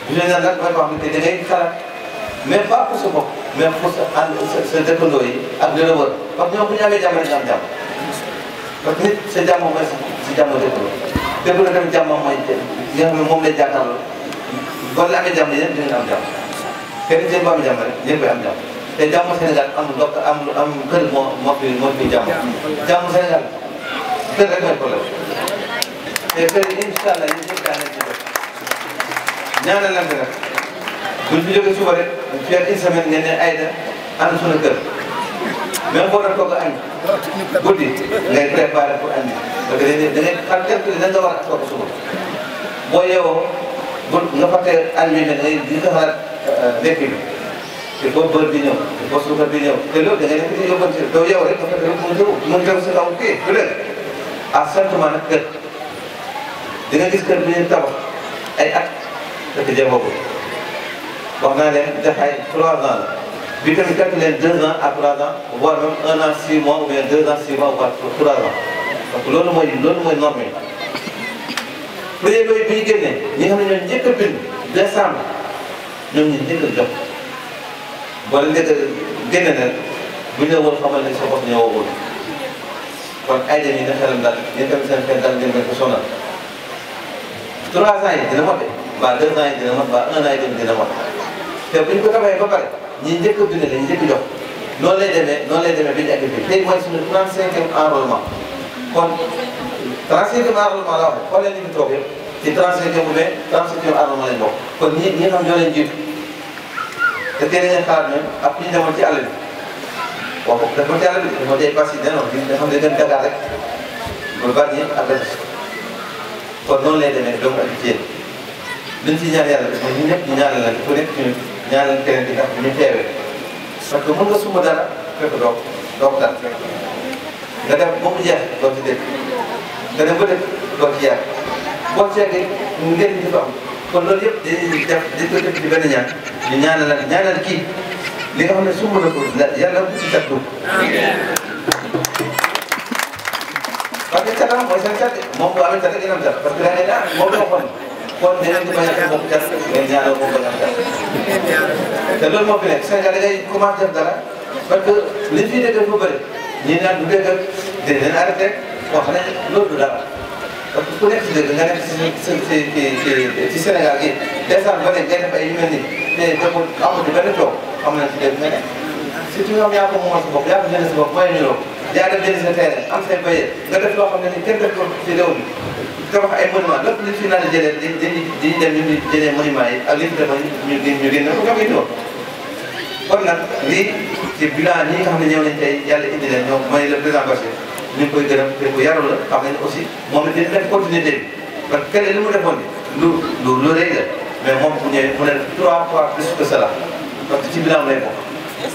visionnaire nag mooy koo xam ne da ngay xalaat mais pas pour sa bopp mais pour sa ànd sa dëkkandoo yi ak li la wër parce que ñoom bu ñu amee jàmm dañu am jàmm parce que nit sa jàmm mooy sa jàmm dëkkandoo dëkkandoo tamit jàmm mooy li nga xam ne moom lay jàkkaarloo kon la amee jàmm yéen dinañ am jàmm kenn jëm ba am am jàmm te jàmm Sénégal amul dox amul amul kër moo moo fi moo fi jàmm jàmm Sénégal kër rek mooy problème te kër yi incha allah ñun ñëpp daan nañ ci def ñaanalante nag buñ fi jógee suba rek fi ak ngeen ne Aïda ànd suñu kër même boo doon togg guddi ngay préparé pour añ parce que dañuy da ngay xam quelque da nga war a togg suba boo yeewoo bu nga fàtte añ bi ne da ngay di xalaat ndekki bi te boppal di ñëw te bosukat di ñëw te loolu da ngay nekk di yóbbante doo yow rek dafa dem mu jëw mu jëw si kaw kii du leen ah seulement nag kër di nga gis kër bi ñu tabax ay at dëkk jaboobu wax naa leen jaxaay trois ans la bi tamit kat leen deux ans à trois ans voire même un an six mois ou bien deux ans six mois voire trois ans donc loolu mooy loolu mooy norme yi projet yooyu bi ñu génnee ñi nga xam ne ñoo njëkk a bind décembre ñoom ñu njëkk a jox wala njëkk a génne nag bu ñu la woon xamal ne sa bopp ñëwoon kon ay dem yi na xelam daal yéen tamit seen xel daal ngeen ko sonal trois ans yi dina motte mbaa deux ans yi dina mot mbaa un an yi dem dina mot te bu ñu ko tabaxee ba pare ñi njëkk a bind la ñi njëkk jox noonu lay demee noonu lay demee bi ñu egg fii tey mooy suñu 35e enrôlement kon 35e enrôlement la wax xoolee li ñu toog yëpp ci 35e bu ne 35e enrôlement lañ bokk kon ñi ñi xam ñoo leen jiitu te teel nañ xalaat ñoom ak ñu demoon ci àll bi waxu dafa ci àll bi dafa tey basi ne noonu ñun dafa gën Dakar rek lu bari ñëpp ak lañ kon noonu lay demee doomu ak jigéen liñ ci ñaan yàlla mooy ñu ñëpp ñu ñaanal la ku nekk ñu ñaanal keneen bi ndax bu ñu teewee parce que mën nga suma dara fekk doog doog dara nga def ba mu jeex doo ci dégg nga dem ba def doo ci yàgg boo ceegee ngeen di fa am. kon loolu yëpp dañuy def dañ koy def ci benn ñaan ñu ñaanal ñaanal kii li nga xam ne sumb na ko yàlla bu ci cat dugg. parce que catam mooy seen cat moom bu amee cat dina am cat parce que daanaka ah moom la waxoon kon dinañ ko bañ a moom cat ngeen ñaanal moom bañ a am cat. te loolu moo fi nekk Sénégal da ngay commencé def dara parce que liñ fi nekk dafa bëri ñii naan du dégg ak dinañ arrêté wax nañ loolu du dara. donc ku nekk si dëgg nga nekk si si si Sénégal gi dèjà ba léegi ngay def ay yu mel nii mais deful amatu benn tool am nañ si dëgg nga ne surtout ñoom yaa ko moomal sa bopp yaa ko jënd sa bopp mooy niroo yaa dem jënd sa terrain am say bayee nga def loo xam ne nii kenn def ko ci réew mi tabax ay monument lépp li fi naan jëlee dañuy dañuy dem ñu jëlee monument yi ak li ñu defoon ñu ñu génn ko gàmm itoo kon nag lii ci bilan ñi nga xam ne ñëw nañ tey yàlla indi leen ñoom mooy le président Bachir ñu ngi koy gërëm te ku yaru la xam ngeen aussi moom it dina def continuité bi parce que keneen li mu defoon lu lu lu rëy la mais moom bu ñëwee mu ne trois fois plus que cela parce que ci bilan lay bokk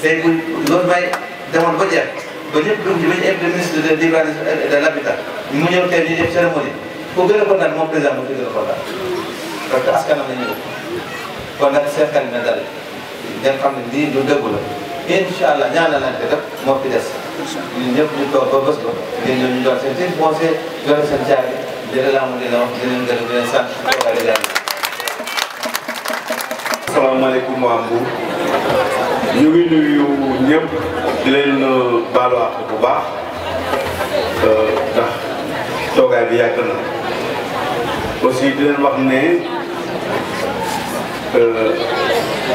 tey bu loolu may demoon ba jeex ba ñëpp dugg ci ministre de l'urbanisme et de l'habitat mu ñëw tey ñu def cérémonie ko gën a kontaan moom président moo gën a kontaan a que askanam la ñu kon na dal ngeen xam ne lii lu dëgg la incha allah ñaanalante rek moo fi des. ñun ñëpp ñu toog ba bés ba ngeen ñëw ñu doon seen seen conseil doon seen caabi jërë laa mu dina wax di leen gërëm di leen sant waxaale yàlla. asalaamaaleykum waa Mbour ñu ngi nuyu ñëpp di leen baalu àq bu baax ndax toogaay bi yàgg na aussi di leen wax ne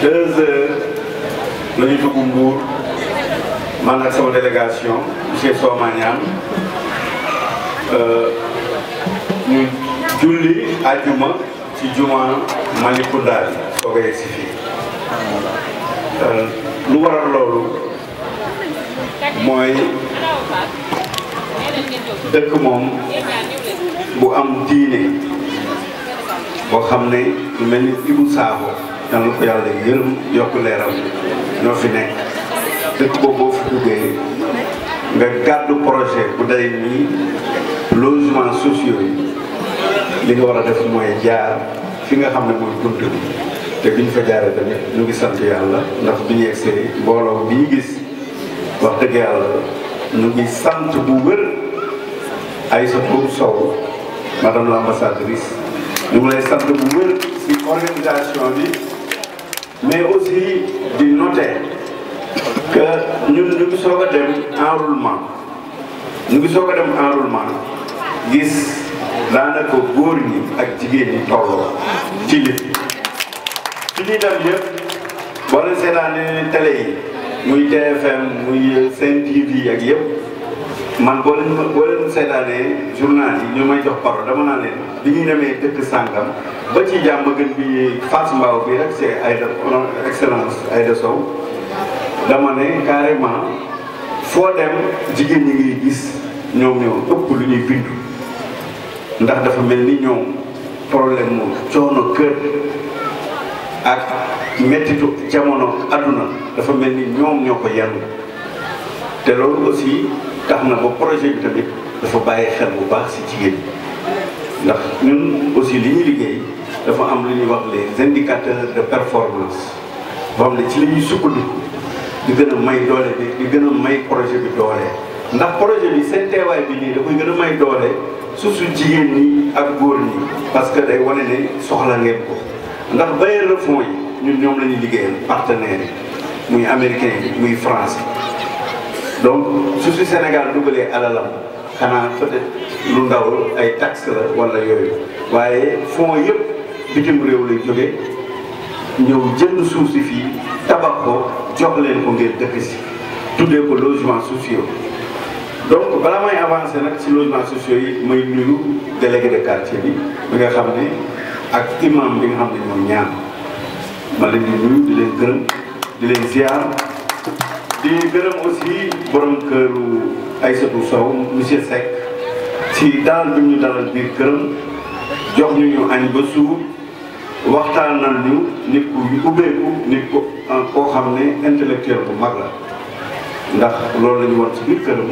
deux heures. dañuy dugg Mbour man ak sama délégation monsieur Sooma Niane euh, ñu julli àjjuma ci juma Malicounda bi euh, lu waral loolu mooy dëkk moom bu am diine boo xam ne lu mel ni Ibou Sakho yàlla ko yàlla yërëm yokk leeram ñoo fi nekk dëkk boobu boo fi duggee nga gàddu projet bu day nii logement sociaux yi li nga war a def mooy jaar fi nga xam ne mooy bunt bi te bi ñu fa jaaree tamit ñu ngi sant yàlla ndax bi ñu egsee mbooloo bi ñu gis wax dëgg yàlla ñu ngi sant bu wër Aïssatou Sow madame l'ambassadrice ñu ngi lay sant bu wër si organisation bi mais aussi di noter que ñun ñu ngi soog a dem enrôlement ñu ngi soog a dem enrôlement gis daanaka góor ñi ak jigéen ñi tolloo ci li ci ñuy dem yëpp boo leen seetaanee télé yi muy TFM muy Sen TV ak yëpp. man boo leen boo leen journal yi ñu may jox parole dama naa leen bi ñu demee dëkk sàngam ba ci jàmm gën bi Fass Mbao bi rek c'est Aïda excellence Aïda Sow dama ne carrément foo dem jigéen ñi ngi gis ñoom ñoo ëpp lu ñuy bindu ndax dafa mel ni ñoom problème moom coono kër ak mettitu jamono adduna dafa mel ni ñoom ñoo ko yenn te loolu aussi tax na ko projet bi tamit dafa bàyyi xel bu baax si jigéen bi ndax ñun aussi li ñuy liggéey dafa am lu ñuy wax les indicateurs de performance boo xam ne ci li ñuy sukkandiku di gën may doole bi di gën a may projet bi doole ndax projet bi seen teewaay bi nii da gën a may doole surtout jigéen ñi ak góor ñi parce que day wane ne soxla ngeen ko ndax bailleurs de fonds yi ñun ñoom la ñuy liggéeyal partenaires yi muy américain bi muy France donc su si Sénégal dugalee alalam xanaa peut-être lu ndaw ay taxe la wala yooyu waaye fonds yëpp bitim réew lay jóge ñëw jënd suuf si fii tabax ko jox leen ko ngeen dëkk si tuddee ko logement sociaux donc bala may avancé nag si logement sociaux yi may nuyu délégué de quartier bi bi nga xam ne ak imam bi nga xam ne ñoom ñaan ma leen nuyu di leen gërëm di leen ziar di gërëm aussi borom këru Aïssatou Sow monsieur Seck ci daal bi ñu dalal biir këram jox ñu ñu añ ba suur waxtaanal ñu nit ku ubbeeku nit ku ah, koo xam ne intellectuel bu mag la ndax loolu la ñu woon ci biir këram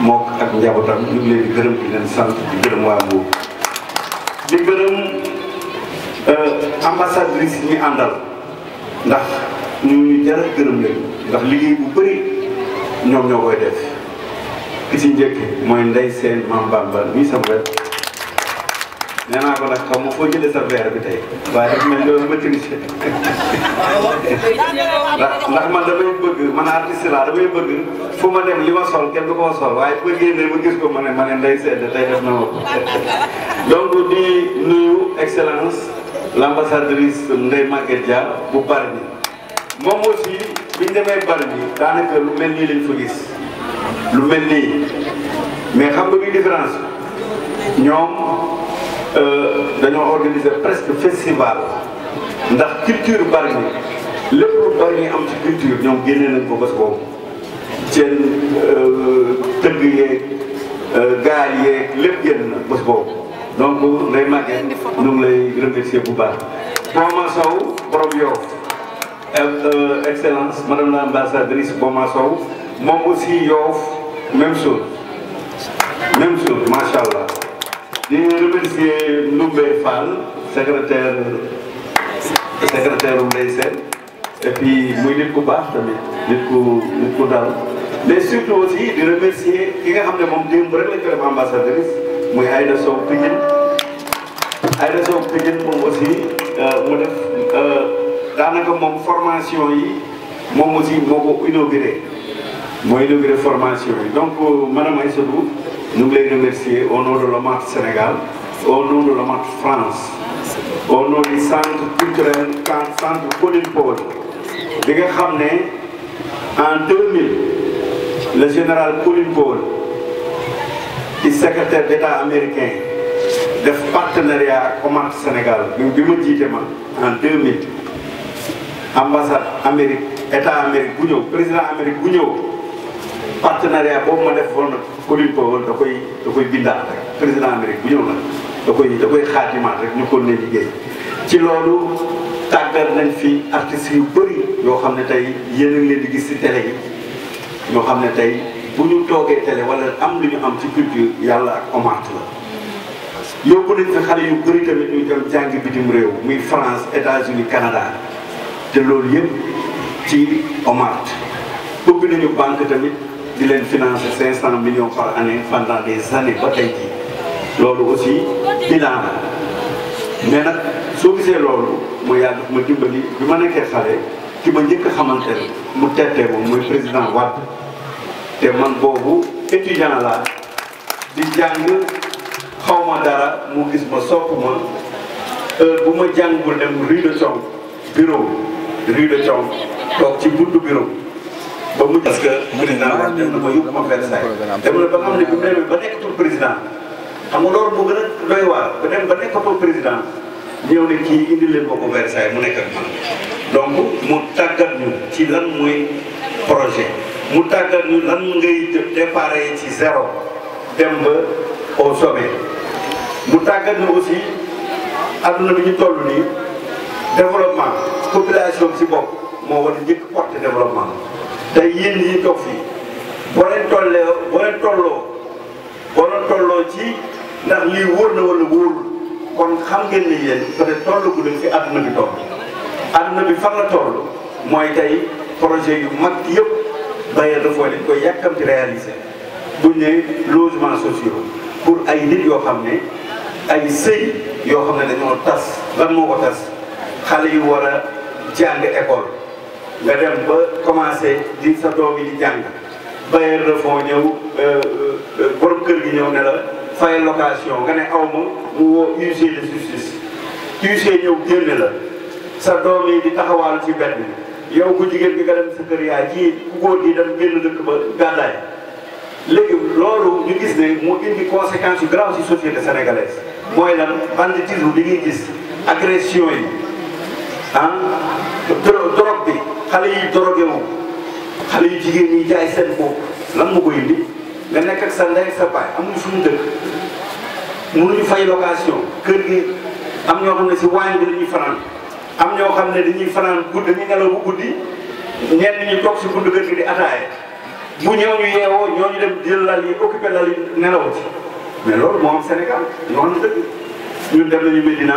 mook ak njabootam ñu ngi leen di gërëm leen sant di gërëm waa Mbour di gërëm euh, ambassadrice ñi àndal ndax ñu ñu jar a gërëm ndax liggéey bu bëri ñoom ñoo koy def ki ci njëkk mooy ndey seen maam Bamba mii sama wet nee naa ko nag xam ma foo jëlee sa verre bi tey waaye daf mel loolu ma triché ndax ndax damay bëgg man artiste laa damay bëgg fu ma dem li ma sol kenn du ko sol waaye bëggee ne ma gis ko ma ne ma ne ndey seen tey def na ma ko donc di excellence l' ambassadrice Ndeye Maguette Dia bu Bargny moom aussi bi ñu demee bal bi daanaka lu mel nii lañ fa gis lu mel nii mais xam nga bi différence ñoom euh, dañoo organiser presque festival ndax culture bari ni lépp lu bari ni am ci culture ñoom génnee nañ ko bés boobu seen euh, tëgg yeeg euh, gaal yeeg lépp génn na bés boobu donc Ndeye Maguette ñu ngi lay remercier bu baax ma saw borom Yoff Euh, excellence madame la ambassadrice Boma Sow moom aussi Yoff même chose même chose macha allah di remercier Ndoumbe Fall secrétaire secrétaire Mbaye Sène et puis muy nit ku baax tamit nit ku nit ku dal mais surtout aussi di remercier ki nga xam ne moom démb rek lañ ko def ambassadrice muy Aïda Sow Pikine Aïda Sow Pikine moom aussi euh, mu def. Euh, dans mon formation yi suis aussi inauguré formation donc euh, madame Aïssoubou nous voulons remercier au nom de marque Sénégal au nom de marque France au nom du centre culturel centre Pauline Paul en 2000 le général Colin Paul le secrétaire d'État américain de partenariat avec Sénégal en 2000 ambassade amerique état Amérique bu ñëw président Amérique bu ñëw partenariat boobu ma def woon Colin Powell da koy da koy bindaat rek président Amérique bu ñëw nag da koy xaatimaat rek ñu kon ne liggéey ci loolu tàggat nañ fi artistes yu bëri yoo xam ne tey yéen leen di gis ci télé yi ñoo xam ne tey bu ñu toogee télé wala am lu ñu am ci culture yàlla ak omante la yóbbu nañ fi xale yu bëri tamit ñu dem jàngi bitim réew muy France États-Unis Canada te loolu yëpp ci OMART bëgg nañu banque tamit di leen finance financer 500 millions par année pendant des années ba tey jii loolu aussi bilan na mais nag soo gisee loolu mu yàgg ma dimbali bi ma nekkee xale ki ma njëkk a xamante mu tettee moom mooy président Wade te man boobu étudiant laa di jàng xaw dara mu gis ma sopp ma heure bu ma jàngul dem rue de Thion bureau rue de Thion ci buntu bureau ba mujj parce que président wax dëgg ba yóbbu ma Versailles dem na ba nga xam ne bi mu ba nekkatul président xam nga loolu moo gën a doy waar ba dem ba nekkatul président ñëw ne kii indi leen boo ko Versailles mu nekk ak man donc mu tàggat ñu ci lan mooy projet mu tàggat ñu lan ngay départ ci zéro dem ba au sommet mu tàggat ñu aussi àdduna lu ñu toll nii développement population bi si bopp moo war a njëkk porte développement te yéen ñi toog fii boo leen tollee boo tolloo boo tolloo ci ndax lii wóor na wala wóorul kon xam ngeen ni yéen peut-être toll gu leen fi àdduna bi toll àdduna bi fan la toll mooy tey projet yu mag yëpp bailleurs de fonds dañ koy yàkkamti réaliser buñ ne logement sociaux pour ay nit yoo xam ne ay sëy yoo xam ne dañoo tas lan moo ko tas xale yu war a jàng école nga dem ba commencé di sa doom yi di jàng bailleur de fonds ñëw euh, euh, euh, borom kër gi ñëw ne la fay location nga ne aw ma mu woo UG de justice UG ñëw génne la sa doom yi di taxawal ci benn yow ku jigéen bi nga dem sa kër yaay ji ku góor gi dem génn dëkk ba gàddaay léegi loolu ñu gis ne mu indi conséquences yu grave ci société sénégalaise mooy lan banditisme bi ñuy gis agression yi ah doro dorog bi xale yi doroge moom xale yu jigéen ñi jaay seen bopp lan ma koy indi nga nekk ak sa ndey ak sa baay amuñu fu mu dëkk mënuñu fay location kër gi am ñoo xam ne si waañ bi dañuy fanaan am ñoo xam ne dañuy fanaan guddi dañuy nelaw bu guddi ñenn ñi toog si buntu kër di ataaye bu ñëw ñu yeewoo ñooñu dem jël lal yi occupé lal yi nelaw ci mais loolu moo Sénégal ñoo xam ne dëgg ñun dem nañu Medina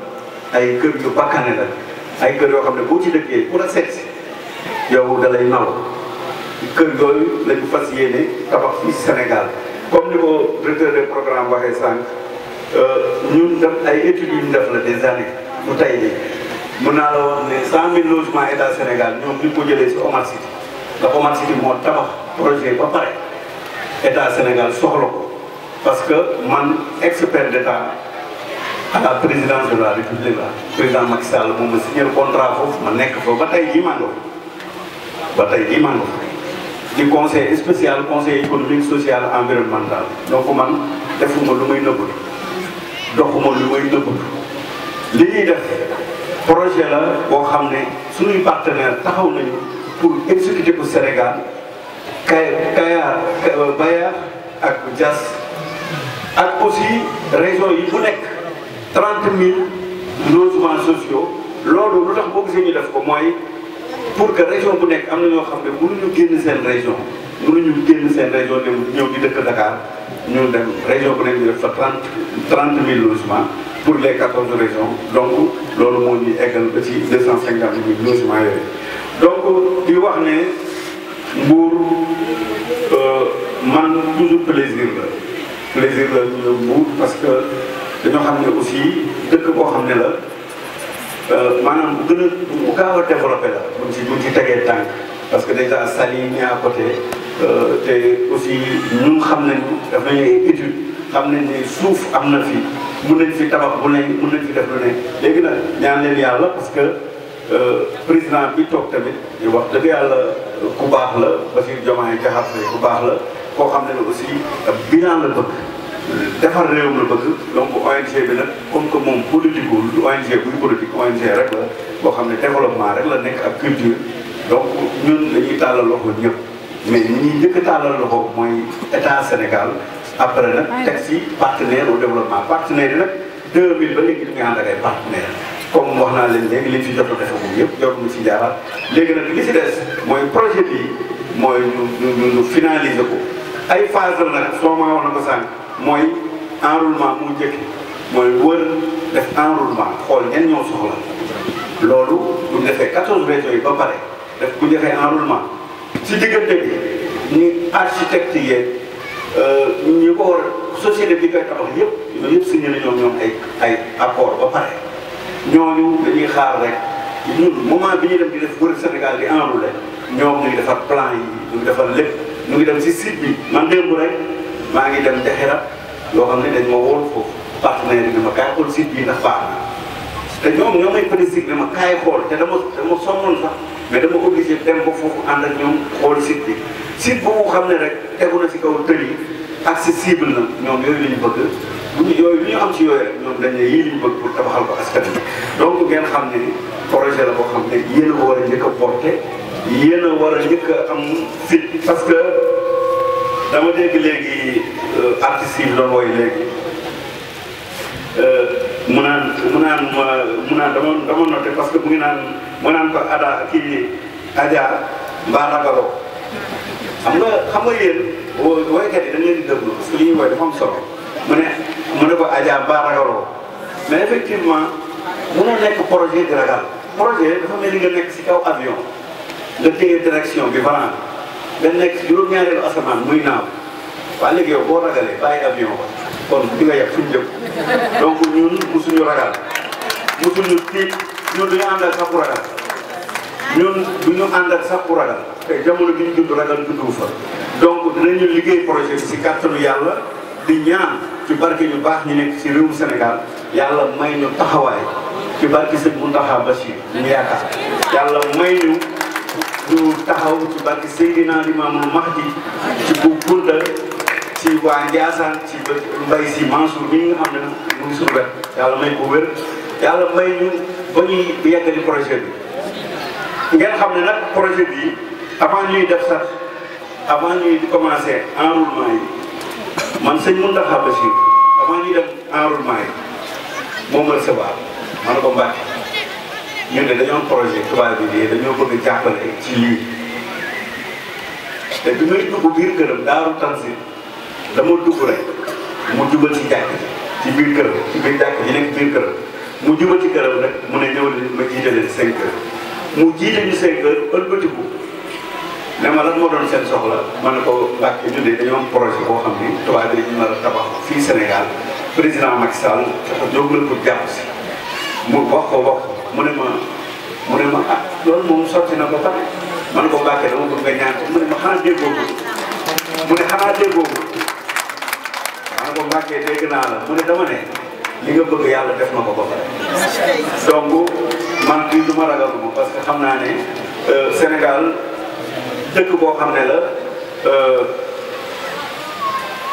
ay kër yu bakkane la ay kër yoo xam ne boo ci dëkkee pour la seet si yow da lay naw kër yooyu lañu fas yéene tabax fii Sénégal comme ni ko directeur de programme waxee sànq euh, ñun def ay études yu ñu def la des années mu tey jii mun naa la wax ne cent mille logements état Sénégal ñoom ñu ko jëlee si Omar City ndax Omar City moo tabax projet ba pare état Sénégal soxla ko parce que man expert d' état à la présidence de la république la président Macky Sall moom ma signé contrat foofu ma nekk fa ba tey jii maa ngi ba tey jii maa ngi conseil spécial conseil économique social environnemental donc man ma lu may nëbbatu doxuma lu may nëbbatu li ñuy def projet la koo xam ne suñuy partenaire taxaw nañu pour exécuter ko Sénégal kay Kayar Bayar ak Diass ak aussi région yi bu nekk 30 000 logements sociaux Lors de tax boo fait pour que la région de nekk nous avons une région nous Dakar, nous région de Dakar nous région 30 000 logements pour les 14 régions donc nous avons 250 000 logements donc nous euh, avons toujours plaisir plaisir de parce que dañoo xam ne aussi dëkk boo xam ne la euh, maanaam bu gën a bu gaaw a développé la buñ ci tegee tànk parce que déjà Saly ni à côté euh, te aussi ñun xam nañu daf nañu xam nañ suuf am na fi mun nañ fi tabax bu ne mun nañ fi def lu ne léegi na ñaan leen yàlla parce que euh, président bi toog tamit di wax dëgg yàlla ku baax la Bassirou Diomaye Diakhar Faye ku baax la koo xam ne ne aussi bilan la bëgg defar réew mi la bëgg donc ONG bi nag comme que moom politique lu ONG buy politique ONG rek la boo xam ne développement rek la nekk ak culture donc ñun dañuy tàllal loxo ñëpp mais ñi njëkk a tàllal loxo mooy état Sénégal après nag teg si partenaire au développement partenaire yi nag 2000 ba léegi ñu ngi ànd ak ay partenaires comme wax naa leen léegi liñ fi jot a defagum yëpp jot mu si jaaraat léegi nag li si des mooy projet bi mooy ñu ñu ñu finaliser ko ay phase la nag soo ma wax na ko sànq. mooy enrôlement mu njëkk mooy wër def enrôlement xool ñenn ñoo soxla loolu bu ñu defee 14 régions yi ba pare def bu ñu defee enrôlement si diggante bi ñu architecte yeeg euh, ñu ko war société bi koy tabax yëpp yooyu yëpp signé na ñoom ñoom ay ay accord ba pare ñooñu dañuy xaar rek ñun moment bi ñuy dem di def wër Sénégal di enrôler ñoom ñu ngi defar plan yi ñu ngi defar lépp ñu ngi dem si sit bi man démb rek. maa ngi dem ca xerat yoo xam ne dañ ma wóor foofu partenaire yi ne ma kaay xool site bii ndax baax na te ñoom ñoo may précis ne ma kaay xool te dama dama sonnoon sax mais dama obligé dem ba foofu ànd ak ñoom xool site bi site boobu xam ne rek tegu na si kaw tël yi accessible na ñoom yooyu la ñu bëgg bu ñu yooyu li ñu am si yooyu rek ñoom dañ ne yii li ñu bëgg pour tabaxal ko askan bi donc ngeen xam ne projet la boo xam ne yéen a ko war a njëkk a porté yéen a war a njëkk a am fit parce que dama dégg léegi euh, artistes yi doon woy léegi euh, mu naan mu naan mu naan dama dama noté parce que mu ngi naan mu naan ko Ada kii Adja mbaa ragaloo xam nga xam nga yéen woykat yi dañ leen di déglu parce li ñuy woy dafa am solo mu ne mu ne ko Adja ragalo ragaloo mais effectivement mënoo nekk projet di ragal projet dafa mel ni nga nekk si kaw avion nga téye direction bi fanaan. dañ nekk juróom-ñaareelu asamaan muy naaw waaye léegi yow boo ragalee bàyyi avion ba kon di nga yàq suñu jëm donc ñun musuñu ragal suñu tiit ñun duñu ànd ak sax ku ragal ñun duñu ànd ak sax ragal te jamono bi ñu dund ragal dundu fa donc dinañu liggéey projet si kàttanu yàlla di ñaan ci barke ñu baax ñu nekk ci réewum Sénégal yàlla may ñu taxawaay ci barke sëñ Mountakha Bachir ñu yaakaar yàlla may ñu ñu taxaw ci barke Seydina Limaamu Mahdi ci bu Kounda ci waa Ndiassane ci mbay si Mansour mi nga xam ne mu ngi suñu wet may ko wér yàlla may ñu ba ñuy yeggali projet bi ngeen xam ne nag projet bi avant ñuy def sax avant ñuy commencer enrôlement yi man sëñ Mountakha Bachir avant ñuy def moom la sa baax man ko mbàcc ñun de dañoo am projet tubaab bi de dañoo bëgg a jàppale ci lii te bi may dugg biir këram daaru tanzil dama dugg rek mu jubal ci jàkk ci biir këram ci biir jàkk yi nekk biir këram mu jubal ci këram rek mu ne ñëw leen ma jiite leen cinq heures mu jiite ñu cinq heures ëlbatiku ne ma lan moo doon seen soxla ma ne ko Mbàkke ñun dañoo am projet boo xam ni tubaab bi dañu tabax fii Sénégal président Macky Sall dafa jóg la pour jàpp si mu wax ko wax mu ne ma mu ne ma ah loolu moom sotti na ba pare man ko Mbàkke dama bëgg nga ñaan ko mu ne ko Mbàkke dégg naa la mu ne dama ne li nga bëgg yàlla def na ko ba pare. donc man bii du ma ragal ma parce que xam naa ne euh, Sénégal dëkk boo xam ne la euh,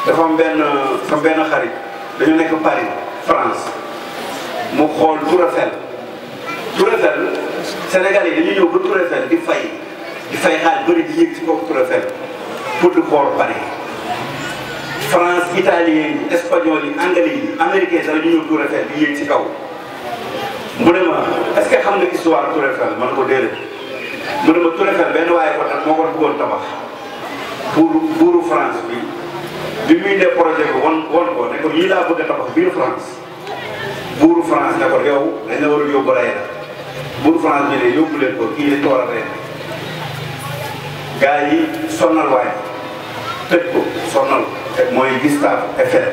dafa am benn sama benn xarit dañu nekk Paris France mu xool tout rafet. Tour Eiffel Sénégal yi dañuy ñëw ba Tour di fay di fay xaal bëri di yëg ci kaw Tour Eiffel di xool Paris France italien yi espagnol yi anglais yi américain sax dañuy ñëw Tour di yëg ci kaw. mu ne ma est-ce que xam nga histoire Tour Eiffel man ko déedéet mu ne ma benn waaye ko tax moo ko bëggoon tabax pour buuru France bi bi muy def projet won won ko ne ko lii laa bëgg tabax biir France buuru France ne ko yow dañ la la buur France bi ne yóbbu leen ko kii lañ ko war a yi sonal waaye tëj ko mooy Gustave Eiffel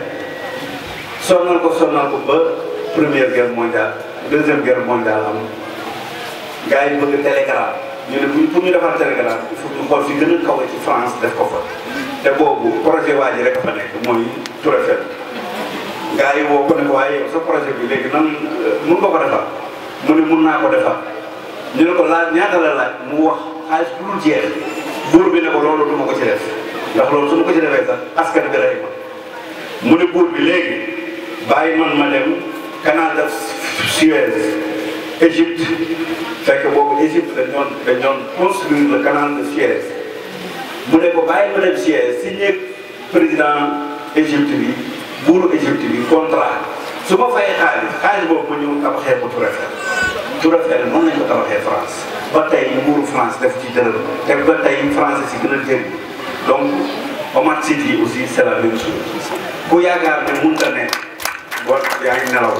sonal ko sonal ko ba première guerre mondiale deuxième guerre mondiale am gars yi bëgg télégramme ñu ne buñ pour ñu defar télégramme il faut ñu xool fi gën kaw France def ko fa te boobu projet waa ji rek fa nekk mooy Tour Eiffel gars yi woo ko ne ko waaye yow sa projet bi léegi nan euh, mun nga ko defar mu ne mun naa ko defar ñu ne ko laaj ñaata la laaj mu wax xaalis bu dul jeex buur bi ne ko loolu du ma ko ci def ndax loolu su ma ko ci defee sax askan bi rey ma mu ne buur bi léegi bàyyi man ma dem canal de Suez Égypte fekk boobu Égypte dañ doon dañ doon construire le canal de Suez mu ne ko bàyyi ma dem Suez signé président Égypte bi buuru Égypte bi contrat su ma fayee xaalis xaalis boobu ma ñëw tabaxee ko Tour Eiffel Tour Eiffel mën nañu ko tabaxee France ba tey nguuru France def ci dërëm te ba tey France si gën a jëriñ donc Omar Sy yi aussi c' est la même chose ku yaakaar ne mun ta nekk bon yaa ngi nelaw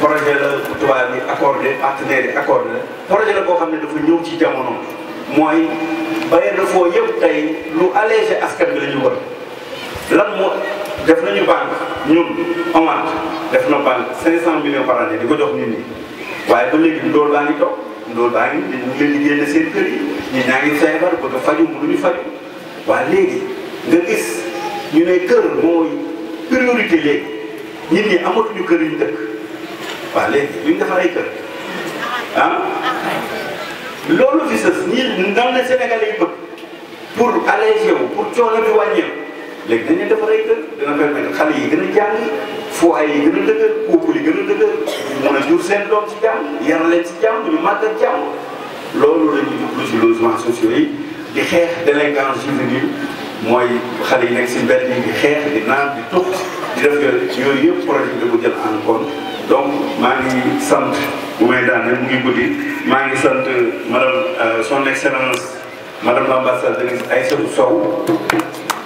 projet la bu tubaab bi accordé partenaire yi accordé projet la boo xam ne dafa ñëw ci jamono mooy baye na foo yëpp tey lu allégé askan bi la ñu war lan moo def nañu banque ñun OMAD def na banque 500 millions par année di ko jox nit ñi waaye ba léegi ndóol baa ngi toog ndóol baa ngi ñu ngi leen di génne seen kër yi ñu ñaa ngi feebar bëgg a faju mënuñu faju waaye léegi nga gis ñu ne kër mooy priorité léegi nit ñi amatuñu kër yuñ dëkk waaw léegi luñ defar ay kër ah loolu fi sës ñi nan la Sénégalais yi bëgg pour alléger wu pour coono bi wàññeeku léegi dañuy defar ay kër dina permettre xale yi gën a jàng foo ay yi gën a dëgër couple yi gën a dëgër mën a jur seen doom ci jàmm yar leen ci jàmm ñu màgg ak jàmm loolu la ñuy dugg ci logement sociaux yi di xeex délinquance juvénile mooy xale yi nekk si mbedd yi di xeex di naan di tux di def yooyu yëpp projet bi da ko jël en compte donc maa ngi sant bu may daanee mu ngi guddi maa ngi sant euh, madame euh, son excellence madame l'ambassadrice Aïssatou Sow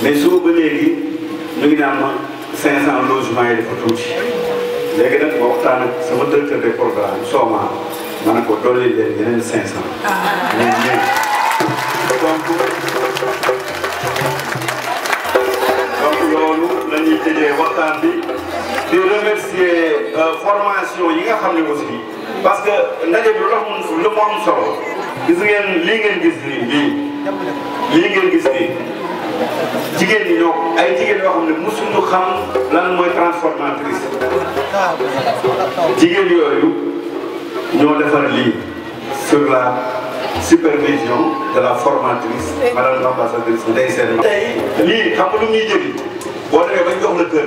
mais suba ba léegi ñu ngi naan ma 500 tuuti léegi nag ma waxtaan ak des programmes Soma ma ne ko dolli leen yeneen 500. ñoom ñooy donc donc loolu la ñuy tëjee waxtaan bi di remercier euh, formation yi nga xam ne aussi parce que ndaje bi lu tax lu mu solo gis ngeen lii ngeen gis nii lii lii jigéen ñi ñoo ay jigéen yoo xam ne mosuñu xam lan mooy transformatrice jigéen yooyu ñoo defar lii sur la supervision de la formatrice madame l'ambassadrice Ndeye Sène. tey lii xam nga lu muy jëli boo demee ba ñu jox la kër.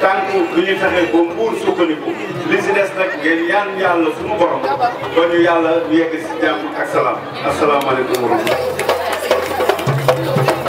tànk lu ñuy fexe ba mbuur li si des nag ngeen ñaan yàlla suñu borom ba ñu yàlla ñu yegg si jàmm ak salaam asalaamaaleykum